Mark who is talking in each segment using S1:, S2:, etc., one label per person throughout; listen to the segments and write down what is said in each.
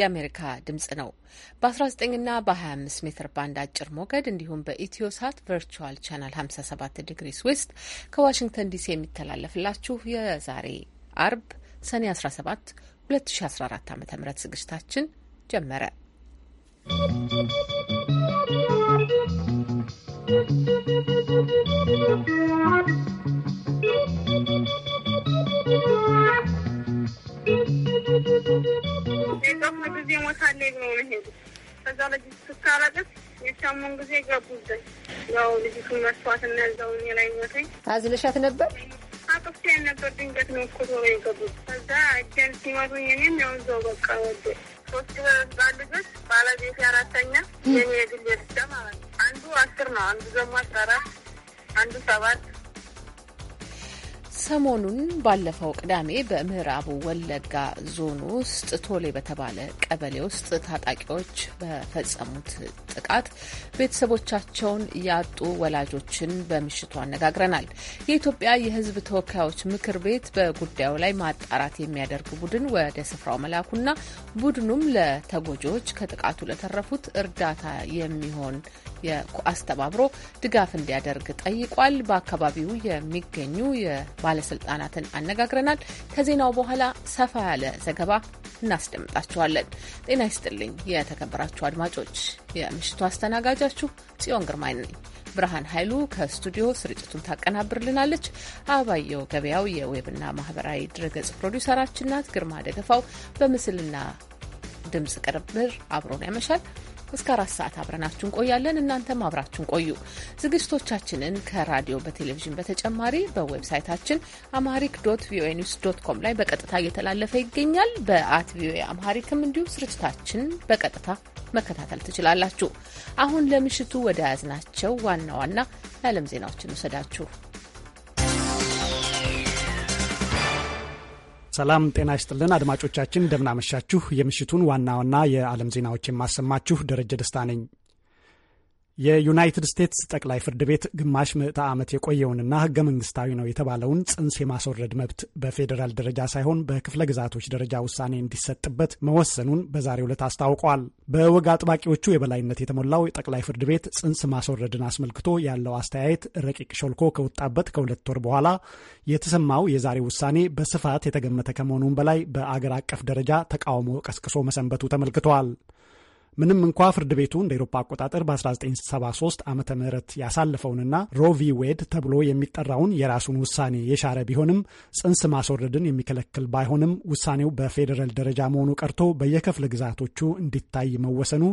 S1: የአሜሪካ ድምጽ ነው። በ19ና በ25 ሜትር ባንድ አጭር ሞገድ እንዲሁም ሳት ቨርቹዋል ቻናል 57 ዲግሪ ዌስት ከዋሽንግተን ዲሲ የሚተላለፍላችሁ የዛሬ አርብ ሰኔ 17 2014 ዓ ም ዝግጅታችን ጀመረ። ¶¶
S2: ጊዜ ሞታለ ብሎ ሄዱ። ከዛ ልጅ ስታለቅስ ጊዜ ገቡበት። ያው ልጅቱ መስዋዕት እኔ ላይ ሞተኝ።
S3: አዝለሻት ነበር?
S2: አቅፍቴ ነበር። ድንገት ነው እኮ ቶሎ የገቡት። ከዛ ሲመቱኝ እኔም ያው እዛው በቃ ወደ ሶስት ልጆች ባለቤት አራተኛ የኔ የግል ልጅ ማለት አንዱ አስር ነው፣ አንዱ ደግሞ አስራ አራት አንዱ ሰባት
S1: ሰሞኑን ባለፈው ቅዳሜ በምዕራቡ ወለጋ ዞን ውስጥ ቶሌ በተባለ ቀበሌ ውስጥ ታጣቂዎች በፈጸሙት ጥቃት ቤተሰቦቻቸውን ያጡ ወላጆችን በምሽቱ አነጋግረናል። የኢትዮጵያ የሕዝብ ተወካዮች ምክር ቤት በጉዳዩ ላይ ማጣራት የሚያደርግ ቡድን ወደ ስፍራው መላኩና ቡድኑም ለተጎጂዎች ከጥቃቱ ለተረፉት እርዳታ የሚሆን አስተባብሮ ድጋፍ እንዲያደርግ ጠይቋል። በአካባቢው የሚገኙ ባለስልጣናትን አነጋግረናል። ከዜናው በኋላ ሰፋ ያለ ዘገባ እናስደምጣችኋለን። ጤና ይስጥልኝ የተከበራችሁ አድማጮች፣ የምሽቱ አስተናጋጃችሁ ጽዮን ግርማ ነኝ። ብርሃን ኃይሉ ከስቱዲዮ ስርጭቱን ታቀናብርልናለች። አበባየው ገበያው የዌብና ማህበራዊ ድረገጽ ፕሮዲውሰራችን ናት። ግርማ ደገፋው በምስልና ድምጽ ቅርብር አብሮን ያመሻል። እስከ አራት ሰዓት አብረናችሁ እንቆያለን። እናንተም አብራችሁን ቆዩ። ዝግጅቶቻችንን ከራዲዮ በቴሌቪዥን በተጨማሪ በዌብሳይታችን አማሪክ ዶት ቪኦኤ ኒውስ ዶት ኮም ላይ በቀጥታ እየተላለፈ ይገኛል። በአት ቪኦኤ አማሪክም እንዲሁ ስርጭታችን በቀጥታ መከታተል ትችላላችሁ። አሁን ለምሽቱ ወደ ያዝናቸው ዋና ዋና የዓለም ዜናዎችን ውሰዳችሁ።
S4: ሰላም ጤና ይስጥልን አድማጮቻችን፣ እንደምናመሻችሁ። የምሽቱን ዋና ዋና የዓለም ዜናዎች የማሰማችሁ ደረጀ ደስታ ነኝ። የዩናይትድ ስቴትስ ጠቅላይ ፍርድ ቤት ግማሽ ምዕተ ዓመት የቆየውንና ህገ መንግስታዊ ነው የተባለውን ጽንስ የማስወረድ መብት በፌዴራል ደረጃ ሳይሆን በክፍለ ግዛቶች ደረጃ ውሳኔ እንዲሰጥበት መወሰኑን በዛሬው ዕለት አስታውቋል። በወግ አጥባቂዎቹ የበላይነት የተሞላው ጠቅላይ ፍርድ ቤት ጽንስ ማስወረድን አስመልክቶ ያለው አስተያየት ረቂቅ ሾልኮ ከወጣበት ከሁለት ወር በኋላ የተሰማው የዛሬ ውሳኔ በስፋት የተገመተ ከመሆኑም በላይ በአገር አቀፍ ደረጃ ተቃውሞ ቀስቅሶ መሰንበቱ ተመልክተዋል። ምንም እንኳ ፍርድ ቤቱ እንደ ኤሮፓ አቆጣጠር በ1973 ዓ ም ያሳለፈውንና ሮቪ ዌድ ተብሎ የሚጠራውን የራሱን ውሳኔ የሻረ ቢሆንም ጽንስ ማስወረድን የሚከለክል ባይሆንም ውሳኔው በፌዴራል ደረጃ መሆኑ ቀርቶ በየክፍለ ግዛቶቹ እንዲታይ መወሰኑ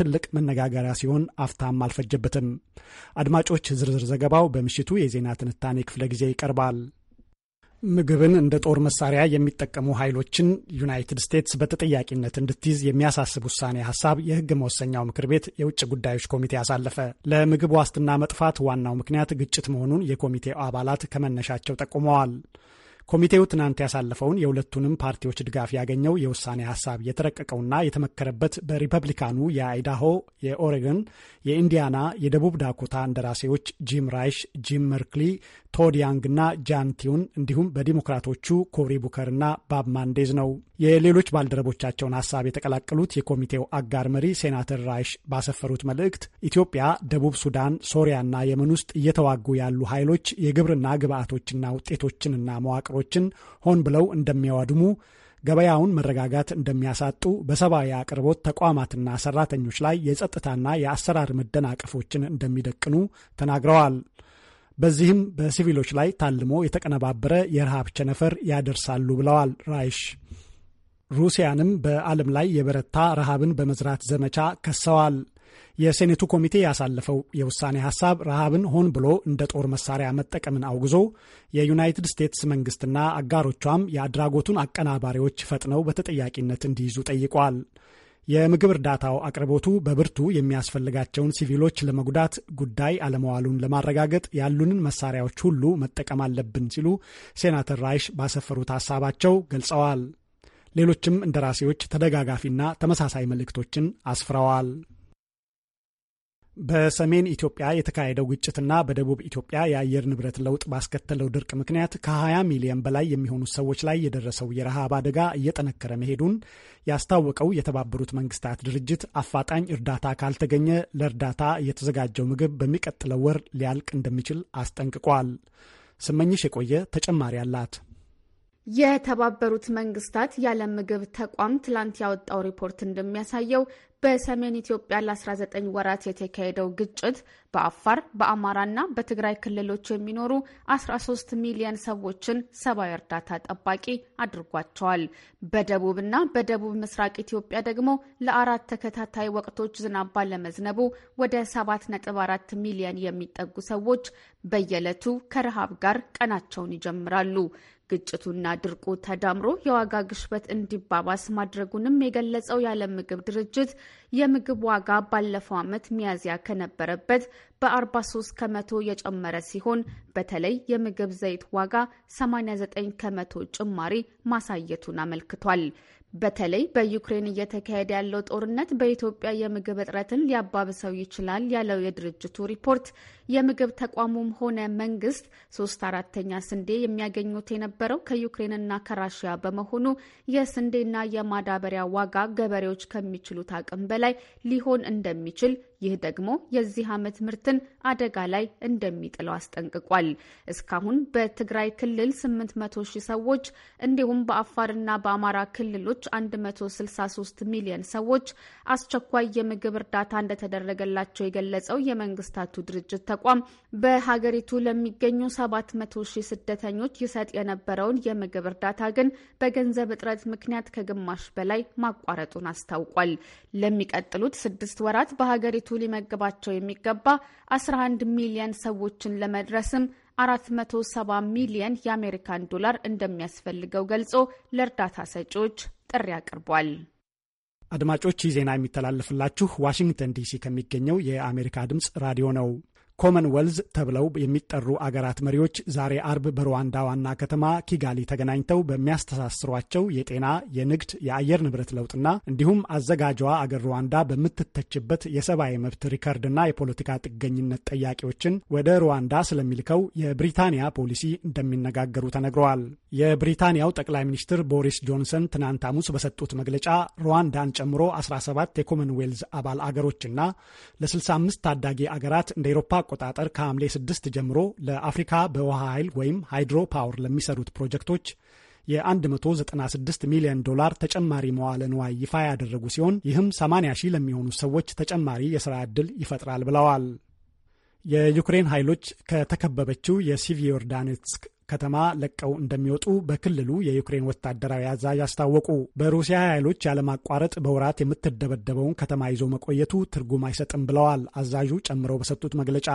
S4: ትልቅ መነጋገሪያ ሲሆን አፍታም አልፈጀበትም። አድማጮች፣ ዝርዝር ዘገባው በምሽቱ የዜና ትንታኔ ክፍለ ጊዜ ይቀርባል። ምግብን እንደ ጦር መሳሪያ የሚጠቀሙ ኃይሎችን ዩናይትድ ስቴትስ በተጠያቂነት እንድትይዝ የሚያሳስብ ውሳኔ ሀሳብ የህግ መወሰኛው ምክር ቤት የውጭ ጉዳዮች ኮሚቴ አሳለፈ። ለምግብ ዋስትና መጥፋት ዋናው ምክንያት ግጭት መሆኑን የኮሚቴው አባላት ከመነሻቸው ጠቁመዋል። ኮሚቴው ትናንት ያሳለፈውን የሁለቱንም ፓርቲዎች ድጋፍ ያገኘው የውሳኔ ሀሳብ የተረቀቀውና የተመከረበት በሪፐብሊካኑ የአይዳሆ፣ የኦሬገን፣ የኢንዲያና፣ የደቡብ ዳኮታ እንደራሴዎች ጂም ራይሽ፣ ጂም መርክሊ፣ ቶድ ያንግና ጃን ቲዩን እንዲሁም በዲሞክራቶቹ ኮሪ ቡከር ና ባብ ማንዴዝ ነው። የሌሎች ባልደረቦቻቸውን ሀሳብ የተቀላቀሉት የኮሚቴው አጋር መሪ ሴናተር ራይሽ ባሰፈሩት መልእክት ኢትዮጵያ፣ ደቡብ ሱዳን፣ ሶሪያና የመን ውስጥ እየተዋጉ ያሉ ኃይሎች የግብርና ግብዓቶችና ውጤቶችንና መዋቅሮች ነገሮችን ሆን ብለው እንደሚያዋድሙ፣ ገበያውን መረጋጋት እንደሚያሳጡ፣ በሰብአዊ አቅርቦት ተቋማትና ሰራተኞች ላይ የጸጥታና የአሰራር መደናቀፎችን እንደሚደቅኑ ተናግረዋል። በዚህም በሲቪሎች ላይ ታልሞ የተቀነባበረ የረሃብ ቸነፈር ያደርሳሉ ብለዋል ራይሽ። ሩሲያንም በዓለም ላይ የበረታ ረሃብን በመዝራት ዘመቻ ከሰዋል። የሴኔቱ ኮሚቴ ያሳለፈው የውሳኔ ሀሳብ ረሃብን ሆን ብሎ እንደ ጦር መሳሪያ መጠቀምን አውግዞ የዩናይትድ ስቴትስ መንግስትና አጋሮቿም የአድራጎቱን አቀናባሪዎች ፈጥነው በተጠያቂነት እንዲይዙ ጠይቋል። የምግብ እርዳታው አቅርቦቱ በብርቱ የሚያስፈልጋቸውን ሲቪሎች ለመጉዳት ጉዳይ አለመዋሉን ለማረጋገጥ ያሉንን መሳሪያዎች ሁሉ መጠቀም አለብን ሲሉ ሴናተር ራይሽ ባሰፈሩት ሀሳባቸው ገልጸዋል። ሌሎችም እንደራሴዎች ተደጋጋፊና ተመሳሳይ መልእክቶችን አስፍረዋል። በሰሜን ኢትዮጵያ የተካሄደው ግጭትና በደቡብ ኢትዮጵያ የአየር ንብረት ለውጥ ባስከተለው ድርቅ ምክንያት ከ20 ሚሊዮን በላይ የሚሆኑ ሰዎች ላይ የደረሰው የረሃብ አደጋ እየጠነከረ መሄዱን ያስታወቀው የተባበሩት መንግስታት ድርጅት አፋጣኝ እርዳታ ካልተገኘ ለእርዳታ የተዘጋጀው ምግብ በሚቀጥለው ወር ሊያልቅ እንደሚችል አስጠንቅቋል። ስመኝሽ የቆየ ተጨማሪ አላት።
S5: የተባበሩት መንግስታት የዓለም ምግብ ተቋም ትላንት ያወጣው ሪፖርት እንደሚያሳየው በሰሜን ኢትዮጵያ ለ19 ወራት የተካሄደው ግጭት በአፋር በአማራና በትግራይ ክልሎች የሚኖሩ 13 ሚሊዮን ሰዎችን ሰብአዊ እርዳታ ጠባቂ አድርጓቸዋል። በደቡብና በደቡብ ምስራቅ ኢትዮጵያ ደግሞ ለአራት ተከታታይ ወቅቶች ዝናብ ባለመዝነቡ ወደ 7.4 ሚሊዮን የሚጠጉ ሰዎች በየዕለቱ ከረሃብ ጋር ቀናቸውን ይጀምራሉ። ግጭቱና ድርቁ ተዳምሮ የዋጋ ግሽበት እንዲባባስ ማድረጉንም የገለጸው የዓለም ምግብ ድርጅት የምግብ ዋጋ ባለፈው ዓመት ሚያዝያ ከነበረበት በ43 ከመቶ የጨመረ ሲሆን በተለይ የምግብ ዘይት ዋጋ 89 ከመቶ ጭማሪ ማሳየቱን አመልክቷል። በተለይ በዩክሬን እየተካሄደ ያለው ጦርነት በኢትዮጵያ የምግብ እጥረትን ሊያባብሰው ይችላል ያለው የድርጅቱ ሪፖርት የምግብ ተቋሙም ሆነ መንግስት ሶስት አራተኛ ስንዴ የሚያገኙት የነበረው ከዩክሬንና ከራሽያ በመሆኑ የስንዴና የማዳበሪያ ዋጋ ገበሬዎች ከሚችሉት አቅም በላይ ሊሆን እንደሚችል ይህ ደግሞ የዚህ ዓመት ምርትን አደጋ ላይ እንደሚጥለው አስጠንቅቋል። እስካሁን በትግራይ ክልል 800 ሺህ ሰዎች እንዲሁም በአፋርና በአማራ ክልሎች 163 ሚሊዮን ሰዎች አስቸኳይ የምግብ እርዳታ እንደተደረገላቸው የገለጸው የመንግስታቱ ድርጅት ተቋም በሀገሪቱ ለሚገኙ 700 ሺህ ስደተኞች ይሰጥ የነበረውን የምግብ እርዳታ ግን በገንዘብ እጥረት ምክንያት ከግማሽ በላይ ማቋረጡን አስታውቋል። ለሚቀጥሉት ስድስት ወራት በሀገሪቱ ሊመግባቸው የሚገባ 11 ሚሊየን ሰዎችን ለመድረስም 470 ሚሊየን የአሜሪካን ዶላር እንደሚያስፈልገው ገልጾ ለእርዳታ ሰጪዎች ጥሪ አቅርቧል።
S4: አድማጮች ይህ ዜና የሚተላለፍላችሁ ዋሽንግተን ዲሲ ከሚገኘው የአሜሪካ ድምፅ ራዲዮ ነው። ኮመንዌልዝ ተብለው የሚጠሩ አገራት መሪዎች ዛሬ አርብ በሩዋንዳ ዋና ከተማ ኪጋሊ ተገናኝተው በሚያስተሳስሯቸው የጤና፣ የንግድ፣ የአየር ንብረት ለውጥና እንዲሁም አዘጋጇ አገር ሩዋንዳ በምትተችበት የሰብአዊ መብት ሪከርድና የፖለቲካ ጥገኝነት ጠያቂዎችን ወደ ሩዋንዳ ስለሚልከው የብሪታንያ ፖሊሲ እንደሚነጋገሩ ተነግረዋል። የብሪታንያው ጠቅላይ ሚኒስትር ቦሪስ ጆንሰን ትናንት ሐሙስ በሰጡት መግለጫ ሩዋንዳን ጨምሮ 17 የኮመንዌልዝ አባል አገሮችና ለ65 ታዳጊ አገራት እንደ ኤሮፓ አቆጣጠር ከሐምሌ 6 ጀምሮ ለአፍሪካ በውሃ ኃይል ወይም ሃይድሮ ፓወር ለሚሰሩት ፕሮጀክቶች የ196 ሚሊዮን ዶላር ተጨማሪ መዋለ ንዋይ ይፋ ያደረጉ ሲሆን ይህም 80 ሺህ ለሚሆኑ ሰዎች ተጨማሪ የሥራ ዕድል ይፈጥራል ብለዋል። የዩክሬን ኃይሎች ከተከበበችው የሲቪዮርዳኔትስክ ከተማ ለቀው እንደሚወጡ በክልሉ የዩክሬን ወታደራዊ አዛዥ አስታወቁ። በሩሲያ ኃይሎች ያለማቋረጥ በውራት የምትደበደበውን ከተማ ይዞ መቆየቱ ትርጉም አይሰጥም ብለዋል አዛዡ ጨምረው በሰጡት መግለጫ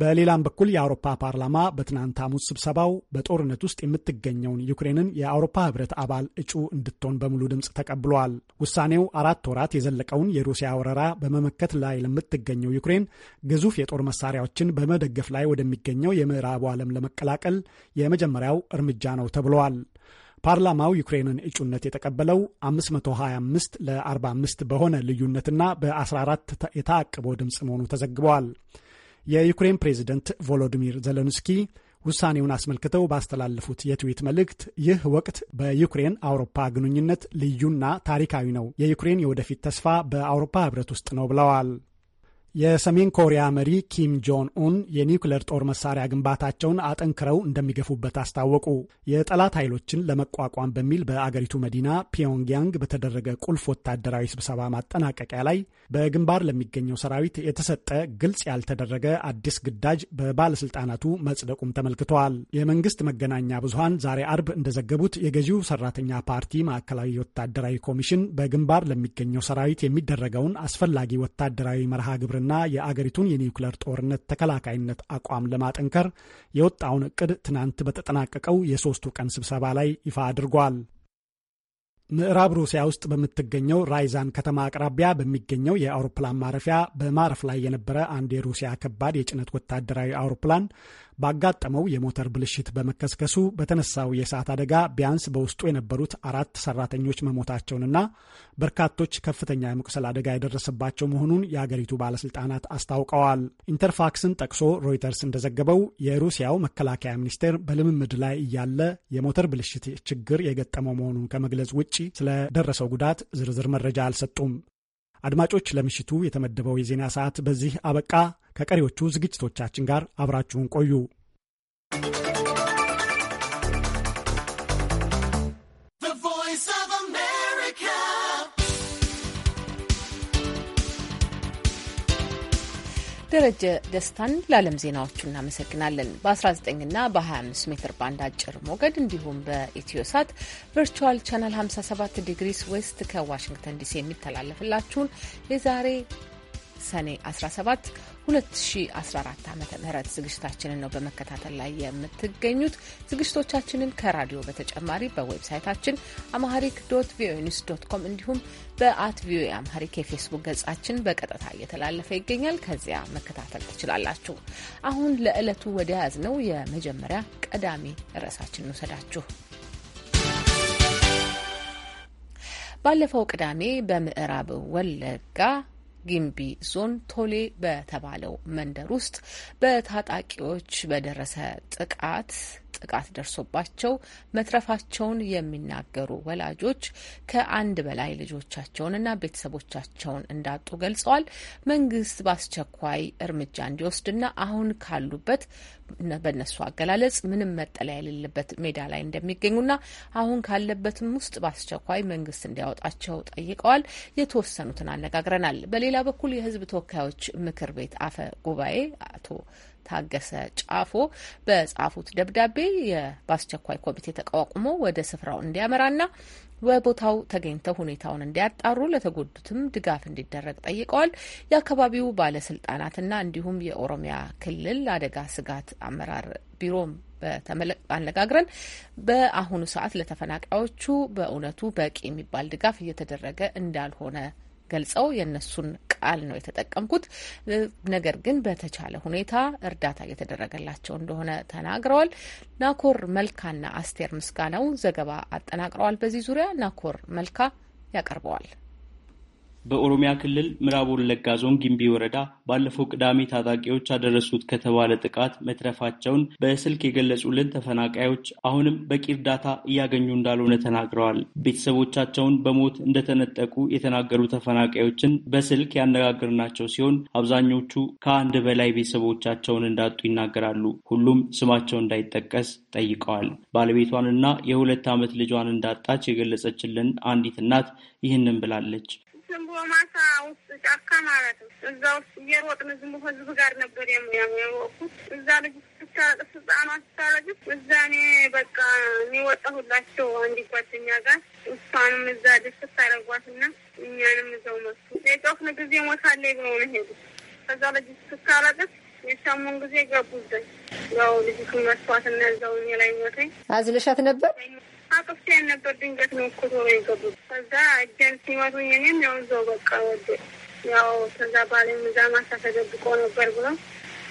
S4: በሌላም በኩል የአውሮፓ ፓርላማ በትናንት ሐሙስ ስብሰባው በጦርነት ውስጥ የምትገኘውን ዩክሬንን የአውሮፓ ህብረት አባል እጩ እንድትሆን በሙሉ ድምፅ ተቀብሏል። ውሳኔው አራት ወራት የዘለቀውን የሩሲያ ወረራ በመመከት ላይ ለምትገኘው ዩክሬን ግዙፍ የጦር መሳሪያዎችን በመደገፍ ላይ ወደሚገኘው የምዕራቡ ዓለም ለመቀላቀል የመጀመሪያው እርምጃ ነው ተብለዋል። ፓርላማው ዩክሬንን እጩነት የተቀበለው 525 ለ45 በሆነ ልዩነትና በ14 የታቅቦ ድምፅ መሆኑ ተዘግበዋል። የዩክሬን ፕሬዝደንት ቮሎዲሚር ዘለንስኪ ውሳኔውን አስመልክተው ባስተላለፉት የትዊት መልእክት ይህ ወቅት በዩክሬን አውሮፓ ግንኙነት ልዩና ታሪካዊ ነው፣ የዩክሬን የወደፊት ተስፋ በአውሮፓ ህብረት ውስጥ ነው ብለዋል። የሰሜን ኮሪያ መሪ ኪም ጆን ኡን የኒውክሌር ጦር መሳሪያ ግንባታቸውን አጠንክረው እንደሚገፉበት አስታወቁ። የጠላት ኃይሎችን ለመቋቋም በሚል በአገሪቱ መዲና ፒዮንግያንግ በተደረገ ቁልፍ ወታደራዊ ስብሰባ ማጠናቀቂያ ላይ በግንባር ለሚገኘው ሰራዊት የተሰጠ ግልጽ ያልተደረገ አዲስ ግዳጅ በባለስልጣናቱ መጽደቁም ተመልክተዋል። የመንግስት መገናኛ ብዙሃን ዛሬ አርብ እንደዘገቡት የገዢው ሰራተኛ ፓርቲ ማዕከላዊ ወታደራዊ ኮሚሽን በግንባር ለሚገኘው ሰራዊት የሚደረገውን አስፈላጊ ወታደራዊ መርሃ ግብርን ለማስቆምና የአገሪቱን የኒውክለር ጦርነት ተከላካይነት አቋም ለማጠንከር የወጣውን እቅድ ትናንት በተጠናቀቀው የሶስቱ ቀን ስብሰባ ላይ ይፋ አድርጓል። ምዕራብ ሩሲያ ውስጥ በምትገኘው ራይዛን ከተማ አቅራቢያ በሚገኘው የአውሮፕላን ማረፊያ በማረፍ ላይ የነበረ አንድ የሩሲያ ከባድ የጭነት ወታደራዊ አውሮፕላን ባጋጠመው የሞተር ብልሽት በመከስከሱ በተነሳው የእሳት አደጋ ቢያንስ በውስጡ የነበሩት አራት ሰራተኞች መሞታቸውንና በርካቶች ከፍተኛ የመቁሰል አደጋ የደረሰባቸው መሆኑን የአገሪቱ ባለስልጣናት አስታውቀዋል። ኢንተርፋክስን ጠቅሶ ሮይተርስ እንደዘገበው የሩሲያው መከላከያ ሚኒስቴር በልምምድ ላይ እያለ የሞተር ብልሽት ችግር የገጠመው መሆኑን ከመግለጽ ውጪ ስለደረሰው ጉዳት ዝርዝር መረጃ አልሰጡም። አድማጮች፣ ለምሽቱ የተመደበው የዜና ሰዓት በዚህ አበቃ። ከቀሪዎቹ ዝግጅቶቻችን ጋር አብራችሁን ቆዩ።
S1: ደረጀ ደስታን ለዓለም ዜናዎቹ እናመሰግናለን። በ19ና በ25 ሜትር ባንድ አጭር ሞገድ እንዲሁም ሳት ቨርቹዋል ቻናል 57 ዲግሪስ ዌስት ከዋሽንግተን ዲሲ የሚተላለፍላችሁን የዛሬ ሰኔ 17 2014 ዓ ም ዝግጅታችንን ነው በመከታተል ላይ የምትገኙት። ዝግጅቶቻችንን ከራዲዮ በተጨማሪ በዌብሳይታችን አማሃሪክ ዶት ቪኦኤ ኒውስ ዶት ኮም እንዲሁም በአት ቪኦኤ አማሪክ የፌስቡክ ገጻችን በቀጥታ እየተላለፈ ይገኛል። ከዚያ መከታተል ትችላላችሁ። አሁን ለዕለቱ ወደ ያዝ ነው የመጀመሪያ ቀዳሚ ርዕሳችን ውሰዳችሁ ባለፈው ቅዳሜ በምዕራብ ወለጋ ጊምቢ ዞን ቶሌ በተባለው መንደር ውስጥ በታጣቂዎች በደረሰ ጥቃት ጥቃት ደርሶባቸው መትረፋቸውን የሚናገሩ ወላጆች ከአንድ በላይ ልጆቻቸውንና ቤተሰቦቻቸውን እንዳጡ ገልጸዋል። መንግስት በአስቸኳይ እርምጃ እንዲወስድና አሁን ካሉበት በእነሱ አገላለጽ ምንም መጠለያ የሌለበት ሜዳ ላይ እንደሚገኙና አሁን ካለበትም ውስጥ በአስቸኳይ መንግስት እንዲያወጣቸው ጠይቀዋል። የተወሰኑትን አነጋግረናል። በሌላ በኩል የህዝብ ተወካዮች ምክር ቤት አፈ ጉባኤ አቶ ታገሰ ጫፎ በጻፉት ደብዳቤ በአስቸኳይ ኮሚቴ ተቋቁሞ ወደ ስፍራው እንዲያመራና በቦታው ተገኝተው ሁኔታውን እንዲያጣሩ ለተጎዱትም ድጋፍ እንዲደረግ ጠይቀዋል። የአካባቢው ባለስልጣናትና እንዲሁም የኦሮሚያ ክልል አደጋ ስጋት አመራር ቢሮም አነጋግረን በአሁኑ ሰዓት ለተፈናቃዮቹ በእውነቱ በቂ የሚባል ድጋፍ እየተደረገ እንዳልሆነ ገልጸው የእነሱን ቃል ነው የተጠቀምኩት። ነገር ግን በተቻለ ሁኔታ እርዳታ እየተደረገላቸው እንደሆነ ተናግረዋል። ናኮር መልካና አስቴር ምስጋናው ዘገባ አጠናቅረዋል። በዚህ ዙሪያ ናኮር መልካ ያቀርበዋል።
S6: በኦሮሚያ ክልል ምዕራብ ወለጋ ዞን ጊምቢ ወረዳ ባለፈው ቅዳሜ ታጣቂዎች አደረሱት ከተባለ ጥቃት መትረፋቸውን በስልክ የገለጹልን ተፈናቃዮች አሁንም በቂ እርዳታ እያገኙ እንዳልሆነ ተናግረዋል። ቤተሰቦቻቸውን በሞት እንደተነጠቁ የተናገሩ ተፈናቃዮችን በስልክ ያነጋገርናቸው ሲሆን አብዛኞቹ ከአንድ በላይ ቤተሰቦቻቸውን እንዳጡ ይናገራሉ። ሁሉም ስማቸው እንዳይጠቀስ ጠይቀዋል። ባለቤቷንና የሁለት ዓመት ልጇን እንዳጣች የገለጸችልን አንዲት እናት ይህንን ብላለች።
S2: ዝም ብሎ ማሳ ውስጥ ጫካ ማለት ነው። እዛ ውስጥ እየሮጥን ዝም ብሎ ህዝብ ጋር ነበር የሚያወቅኩት። እዛ ልጅ ስታለቅስ፣ ህፃኗ ስታለቅስ እዛ እኔ በቃ ወጣሁላቸው አንድ ጓደኛ ጋር እሷንም እዛ ደስ ስታደረጓትና እኛንም እዛው መሱ የጮክን ጊዜ ሞታለ ብሎ ነው ሄዱ። ከዛ ልጅ ስታለቅስ የሰሙን ጊዜ ገቡዘኝ ያው ልጅቱ መስዋት እና እዛው እኔ ላይ ሞተኝ።
S3: አዝለሻት ነበር
S2: አቅፍ ነበር። ድንገት ነው እኮ ቶሎ የገቡት። ከዛ እጀን ሲመቱኝ እኔም ያው እዛው በቃ ወደ ያው ከዛ ባለ ምዛ ማሳ ተደብቆ ነበር ብሎ